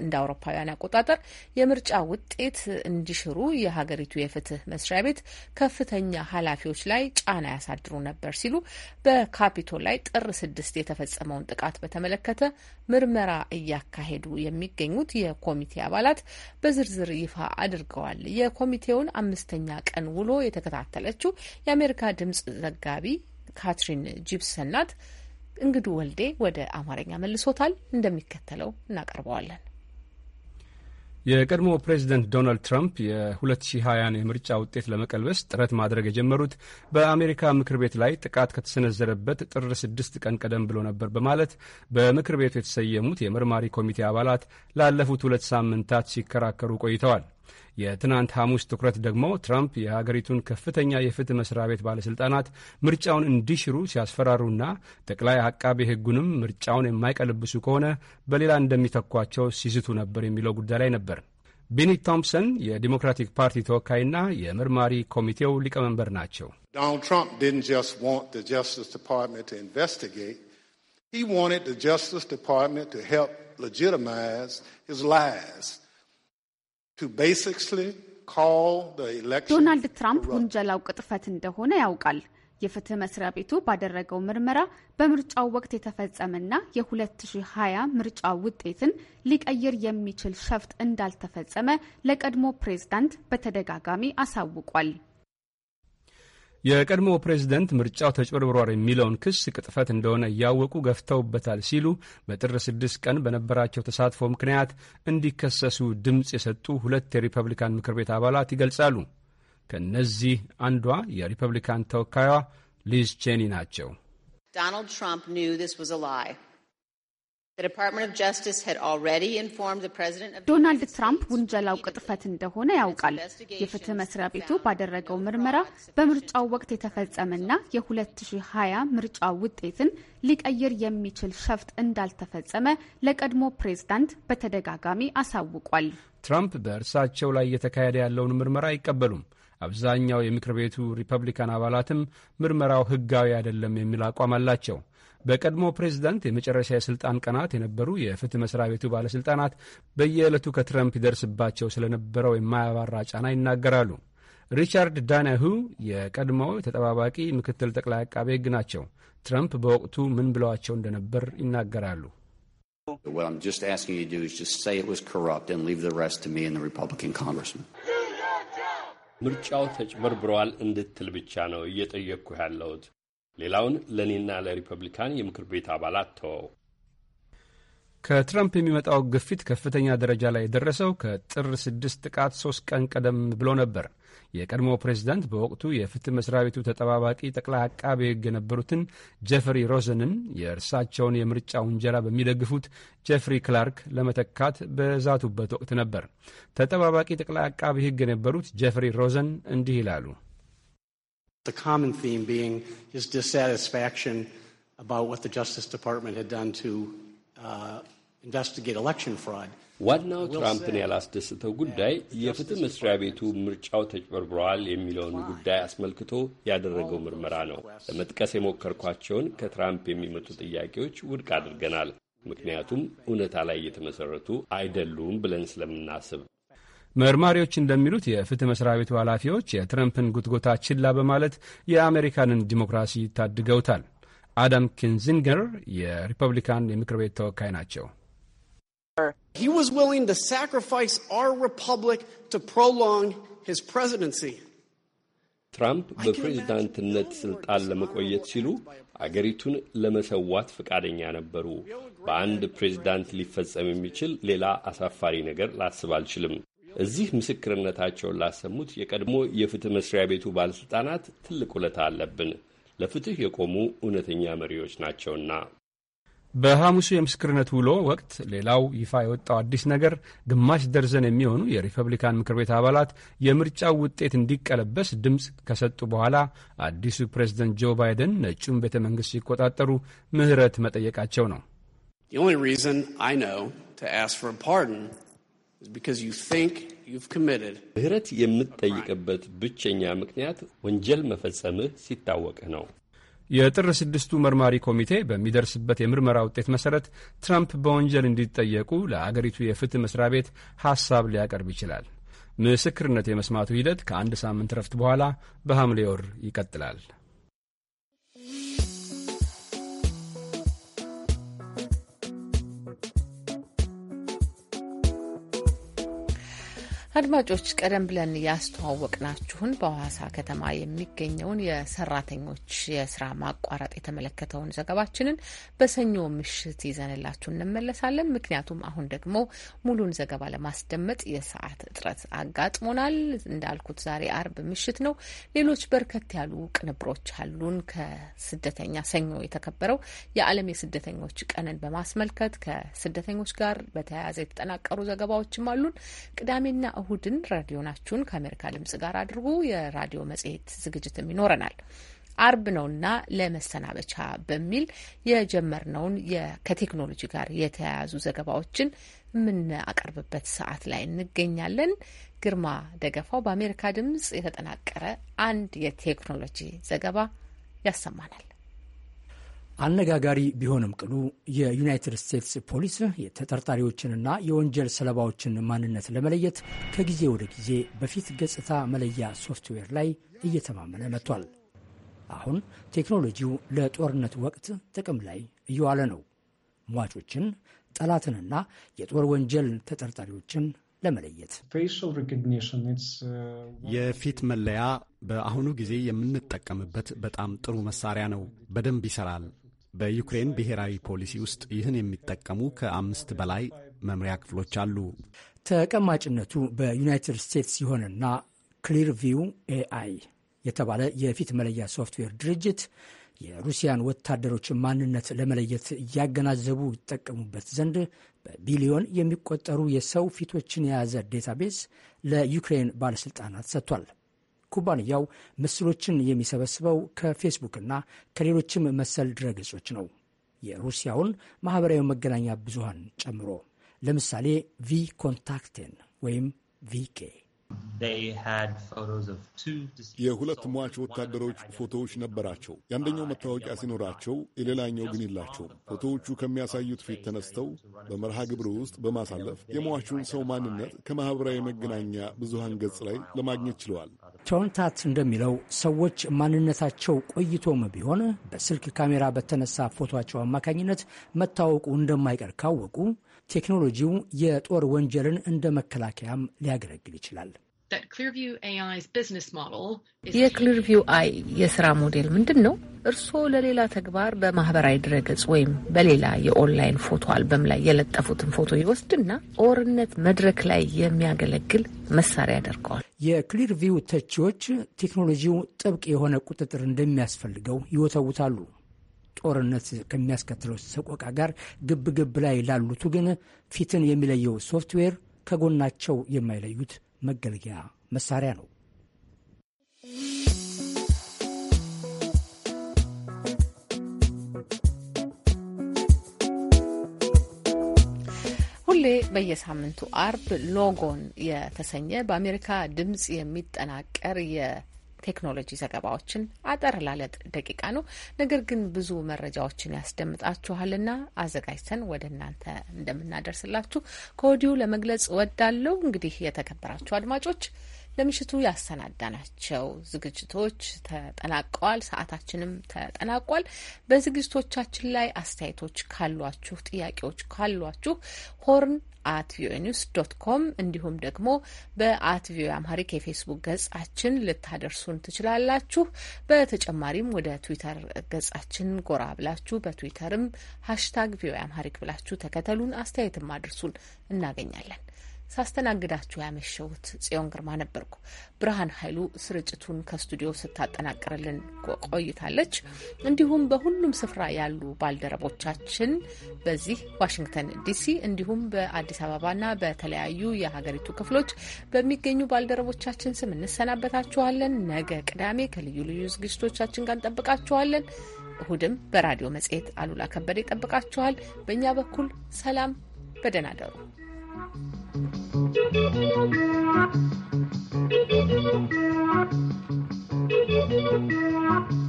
S1: እንደ አውሮፓውያን አቆጣጠር የምርጫ ውጤት እንዲሽሩ የሀገሪቱ የፍትህ መስሪያ ቤት ከፍተኛ ኃላፊዎች ላይ ጫና ያሳድሩ ነበር ሲሉ በካፒቶል ላይ ጥር ስድስት የተፈጸመውን ጥቃት በተመለከተ ምርመራ እያካሄዱ የሚገኙት የኮሚቴ አባላት በዝርዝር ይፋ አድርገዋል። የኮሚቴውን አምስተኛ ቀን ውሎ የተከታተለችው የአሜሪካ ድምጽ ዘጋቢ ካትሪን ጂፕሰን ናት። እንግዱ ወልዴ ወደ አማርኛ መልሶታል። እንደሚከተለው እናቀርበዋለን።
S15: የቀድሞ ፕሬዚደንት ዶናልድ ትራምፕ የ2020 የምርጫ ውጤት ለመቀልበስ ጥረት ማድረግ የጀመሩት በአሜሪካ ምክር ቤት ላይ ጥቃት ከተሰነዘረበት ጥር ስድስት ቀን ቀደም ብሎ ነበር በማለት በምክር ቤቱ የተሰየሙት የመርማሪ ኮሚቴ አባላት ላለፉት ሁለት ሳምንታት ሲከራከሩ ቆይተዋል። የትናንት ሐሙስ ትኩረት ደግሞ ትራምፕ የሀገሪቱን ከፍተኛ የፍትህ መስሪያ ቤት ባለሥልጣናት ምርጫውን እንዲሽሩ ሲያስፈራሩና ጠቅላይ አቃቤ ሕጉንም ምርጫውን የማይቀለብሱ ከሆነ በሌላ እንደሚተኳቸው ሲዝቱ ነበር የሚለው ጉዳይ ላይ ነበር። ቤኒ ቶምፕሰን የዲሞክራቲክ ፓርቲ ተወካይና የምርማሪ ኮሚቴው ሊቀመንበር ናቸው።
S2: ዶናልድ ዶናልድ
S5: ትራምፕ ውንጀላው ቅጥፈት እንደሆነ ያውቃል። የፍትህ መስሪያ ቤቱ ባደረገው ምርመራ በምርጫው ወቅት የተፈጸመና የ2020 ምርጫ ውጤትን ሊቀይር የሚችል ሸፍጥ እንዳልተፈጸመ ለቀድሞ ፕሬዝዳንት በተደጋጋሚ አሳውቋል።
S15: የቀድሞ ፕሬዝደንት ምርጫው ተጭበርብሯል የሚለውን ክስ ቅጥፈት እንደሆነ እያወቁ ገፍተውበታል ሲሉ በጥር ስድስት ቀን በነበራቸው ተሳትፎ ምክንያት እንዲከሰሱ ድምፅ የሰጡ ሁለት የሪፐብሊካን ምክር ቤት አባላት ይገልጻሉ። ከእነዚህ አንዷ የሪፐብሊካን ተወካዩ ሊዝ ቼኒ ናቸው።
S1: ዶናልድ ትራምፕ
S5: ዶናልድ ትራምፕ ውንጀላው ቅጥፈት እንደሆነ ያውቃል። የፍትህ መስሪያ ቤቱ ባደረገው ምርመራ በምርጫው ወቅት የተፈጸመና የ2020 ምርጫ ውጤትን ሊቀይር የሚችል ሸፍጥ እንዳልተፈጸመ ለቀድሞ ፕሬዝዳንት በተደጋጋሚ አሳውቋል።
S15: ትራምፕ በእርሳቸው ላይ እየተካሄደ ያለውን ምርመራ አይቀበሉም። አብዛኛው የምክር ቤቱ ሪፐብሊካን አባላትም ምርመራው ሕጋዊ አይደለም የሚል አቋም አላቸው። በቀድሞ ፕሬዚዳንት የመጨረሻ የስልጣን ቀናት የነበሩ የፍትህ መስሪያ ቤቱ ባለሥልጣናት በየዕለቱ ከትረምፕ ይደርስባቸው ስለነበረው የማያባራ ጫና ይናገራሉ። ሪቻርድ ዳናሁ የቀድሞው ተጠባባቂ ምክትል ጠቅላይ አቃቤ ሕግ ናቸው። ትረምፕ በወቅቱ ምን ብለዋቸው እንደነበር ይናገራሉ።
S7: What I'm just asking you to do is just say it was corrupt and leave the rest to me and the Republican congressman.
S16: ምርጫው ተጭበርብረዋል እንድትል ብቻ ነው እየጠየቅኩ ያለሁት። ሌላውን ለእኔና ለሪፐብሊካን የምክር ቤት አባላት ተወው።
S15: ከትረምፕ የሚመጣው ግፊት ከፍተኛ ደረጃ ላይ የደረሰው ከጥር ስድስት ጥቃት ሶስት ቀን ቀደም ብሎ ነበር። የቀድሞ ፕሬዚዳንት በወቅቱ የፍትህ መስሪያ ቤቱ ተጠባባቂ ጠቅላይ አቃቤ ሕግ የነበሩትን ጀፍሪ ሮዘንን የእርሳቸውን የምርጫ ውንጀላ በሚደግፉት ጀፍሪ ክላርክ ለመተካት በዛቱበት ወቅት ነበር። ተጠባባቂ ጠቅላይ አቃቤ ሕግ የነበሩት ጀፍሪ ሮዘን
S2: እንዲህ ይላሉ። ዲስሳቲስፋክሽን
S4: አባውት ዋት ዲፓርትመንት ሃድ ቱ Uh,
S16: ዋናው ትራምፕን ያላስደሰተው ጉዳይ የፍትህ መስሪያ ቤቱ ምርጫው ተጭበርብረዋል የሚለውን ጉዳይ አስመልክቶ ያደረገው ምርመራ ነው። ለመጥቀስ የሞከርኳቸውን ከትራምፕ የሚመጡ ጥያቄዎች ውድቅ አድርገናል፣ ምክንያቱም እውነታ ላይ የተመሰረቱ አይደሉም ብለን ስለምናስብ።
S15: መርማሪዎች እንደሚሉት የፍትህ መስሪያ ቤቱ ኃላፊዎች የትራምፕን ጉትጎታ ችላ በማለት የአሜሪካንን ዲሞክራሲ ታድገውታል። አዳም ኪንዚንገር የሪፐብሊካን የምክር ቤት ተወካይ ናቸው።
S16: ትራምፕ በፕሬዝዳንትነት ስልጣን ለመቆየት ሲሉ አገሪቱን ለመሰዋት ፈቃደኛ ነበሩ። በአንድ ፕሬዝዳንት ሊፈጸም የሚችል ሌላ አሳፋሪ ነገር ላስብ አልችልም። እዚህ ምስክርነታቸውን ላሰሙት የቀድሞ የፍትህ መስሪያ ቤቱ ባለሥልጣናት ትልቅ ውለታ አለብን። ለፍትህ የቆሙ እውነተኛ መሪዎች ናቸውና።
S15: በሐሙሱ የምስክርነት ውሎ ወቅት ሌላው ይፋ የወጣው አዲስ ነገር ግማሽ ደርዘን የሚሆኑ የሪፐብሊካን ምክር ቤት አባላት የምርጫው ውጤት እንዲቀለበስ ድምፅ ከሰጡ በኋላ አዲሱ ፕሬዝደንት ጆ ባይደን ነጩን ቤተ መንግሥት ሲቆጣጠሩ ምህረት መጠየቃቸው ነው።
S16: The only reason I know to ask for a pardon is because you think ምህረት የምትጠይቅበት ብቸኛ ምክንያት ወንጀል መፈጸምህ ሲታወቅህ ነው።
S15: የጥር ስድስቱ መርማሪ ኮሚቴ በሚደርስበት የምርመራ ውጤት መሠረት ትራምፕ በወንጀል እንዲጠየቁ ለአገሪቱ የፍትህ መስሪያ ቤት ሐሳብ ሊያቀርብ ይችላል። ምስክርነት የመስማቱ ሂደት ከአንድ ሳምንት ረፍት በኋላ በሐምሌ ወር ይቀጥላል።
S1: አድማጮች ቀደም ብለን ያስተዋወቅናችሁን በሐዋሳ ከተማ የሚገኘውን የሰራተኞች የስራ ማቋረጥ የተመለከተውን ዘገባችንን በሰኞ ምሽት ይዘንላችሁ እንመለሳለን። ምክንያቱም አሁን ደግሞ ሙሉን ዘገባ ለማስደመጥ የሰዓት እጥረት አጋጥሞናል። እንዳልኩት ዛሬ አርብ ምሽት ነው። ሌሎች በርከት ያሉ ቅንብሮች አሉን። ከስደተኛ ሰኞ የተከበረው የዓለም የስደተኞች ቀንን በማስመልከት ከስደተኞች ጋር በተያያዘ የተጠናቀሩ ዘገባዎችም አሉን። ቅዳሜና እሁድን ራዲዮናችሁን ከአሜሪካ ድምጽ ጋር አድርጉ። የራዲዮ መጽሔት ዝግጅትም ይኖረናል። አርብ ነውና ለመሰናበቻ በሚል የጀመርነውን ከቴክኖሎጂ ጋር የተያያዙ ዘገባዎችን የምናቀርብበት ሰዓት ላይ እንገኛለን። ግርማ ደገፋው በአሜሪካ ድምጽ የተጠናቀረ አንድ የቴክኖሎጂ ዘገባ ያሰማናል።
S17: አነጋጋሪ ቢሆንም ቅሉ የዩናይትድ ስቴትስ ፖሊስ የተጠርጣሪዎችንና የወንጀል ሰለባዎችን ማንነት ለመለየት ከጊዜ ወደ ጊዜ በፊት ገጽታ መለያ ሶፍትዌር ላይ እየተማመነ መጥቷል። አሁን ቴክኖሎጂው ለጦርነት ወቅት ጥቅም ላይ እየዋለ ነው። ሟቾችን፣ ጠላትንና የጦር ወንጀል ተጠርጣሪዎችን ለመለየት uh,
S4: የፊት መለያ በአሁኑ ጊዜ የምንጠቀምበት በጣም ጥሩ መሳሪያ ነው። በደንብ ይሰራል። በዩክሬን ብሔራዊ ፖሊሲ ውስጥ ይህን የሚጠቀሙ ከአምስት በላይ መምሪያ ክፍሎች አሉ።
S17: ተቀማጭነቱ በዩናይትድ ስቴትስ የሆነና ቪው ኤአይ የተባለ የፊት መለያ ሶፍትዌር ድርጅት የሩሲያን ወታደሮች ማንነት ለመለየት እያገናዘቡ ይጠቀሙበት ዘንድ በቢሊዮን የሚቆጠሩ የሰው ፊቶችን የያዘ ዴታቤዝ ለዩክሬን ባለሥልጣናት ሰጥቷል። ኩባንያው ምስሎችን የሚሰበስበው ከፌስቡክና ከሌሎችም መሰል ድረገጾች ነው፣ የሩሲያውን ማኅበራዊ መገናኛ ብዙሃን ጨምሮ። ለምሳሌ ቪ ኮንታክቴን ወይም ቪኬ
S11: የሁለት ሟች ወታደሮች ፎቶዎች ነበራቸው። uh, የአንደኛው መታወቂያ ሲኖራቸው የሌላኛው ግን የላቸውም። ፎቶዎቹ ከሚያሳዩት ፊት ተነስተው በመርሃ ግብር ውስጥ በማሳለፍ የሟቹን ሰው ማንነት ከማኅበራዊ መገናኛ ብዙሃን ገጽ ላይ ለማግኘት ችለዋል።
S17: ቾንታት እንደሚለው ሰዎች ማንነታቸው ቆይቶም ቢሆን በስልክ ካሜራ በተነሳ ፎቶቸው አማካኝነት መታወቁ እንደማይቀር ካወቁ ቴክኖሎጂው የጦር
S1: ወንጀልን እንደ መከላከያም ሊያገለግል ይችላል።
S12: የክሊርቪው
S1: አይ የስራ ሞዴል ምንድን ነው? እርስዎ ለሌላ ተግባር በማህበራዊ ድረገጽ ወይም በሌላ የኦንላይን ፎቶ አልበም ላይ የለጠፉትን ፎቶ ይወስድና ጦርነት መድረክ ላይ የሚያገለግል መሳሪያ ያደርገዋል።
S17: የክሊርቪው ተቺዎች ቴክኖሎጂው ጥብቅ የሆነ ቁጥጥር እንደሚያስፈልገው ይወተውታሉ። ጦርነት ከሚያስከትለው ሰቆቃ ጋር ግብ ግብ ላይ ላሉቱ ግን ፊትን የሚለየው ሶፍትዌር ከጎናቸው የማይለዩት መገልገያ መሳሪያ ነው።
S1: ሁሌ በየሳምንቱ አርብ ሎጎን የተሰኘ በአሜሪካ ድምጽ የሚጠናቀር ቴክኖሎጂ ዘገባዎችን አጠር ላለጥ ደቂቃ ነው፣ ነገር ግን ብዙ መረጃዎችን ያስደምጣችኋልና አዘጋጅተን ወደ እናንተ እንደምናደርስላችሁ ከወዲሁ ለመግለጽ እወዳለሁ። እንግዲህ የተከበራችሁ አድማጮች ለምሽቱ ያሰናዳናቸው ዝግጅቶች ተጠናቀዋል። ሰዓታችንም ተጠናቋል። በዝግጅቶቻችን ላይ አስተያየቶች ካሏችሁ፣ ጥያቄዎች ካሏችሁ ሆርን አት ቪኦኤ ኒውስ ዶት ኮም እንዲሁም ደግሞ በአት ቪኦኤ አምሀሪክ የፌስቡክ ገጻችን ልታደርሱን ትችላላችሁ። በተጨማሪም ወደ ትዊተር ገጻችን ጎራ ብላችሁ በትዊተርም ሀሽታግ ቪኦኤ አምሀሪክ ብላችሁ ተከተሉን፣ አስተያየትም አድርሱን። እናገኛለን። ሳስተናግዳችሁ ያመሸሁት ጽዮን ግርማ ነበርኩ። ብርሃን ኃይሉ ስርጭቱን ከስቱዲዮ ስታጠናቅርልን ቆይታለች። እንዲሁም በሁሉም ስፍራ ያሉ ባልደረቦቻችን በዚህ ዋሽንግተን ዲሲ እንዲሁም በአዲስ አበባና በተለያዩ የሀገሪቱ ክፍሎች በሚገኙ ባልደረቦቻችን ስም እንሰናበታችኋለን። ነገ ቅዳሜ ከልዩ ልዩ ዝግጅቶቻችን ጋር እንጠብቃችኋለን። እሁድም በራዲዮ መጽሔት አሉላ ከበደ ይጠብቃችኋል። በእኛ በኩል ሰላም፣ በደህና ደሩ።
S2: Thank
S8: you.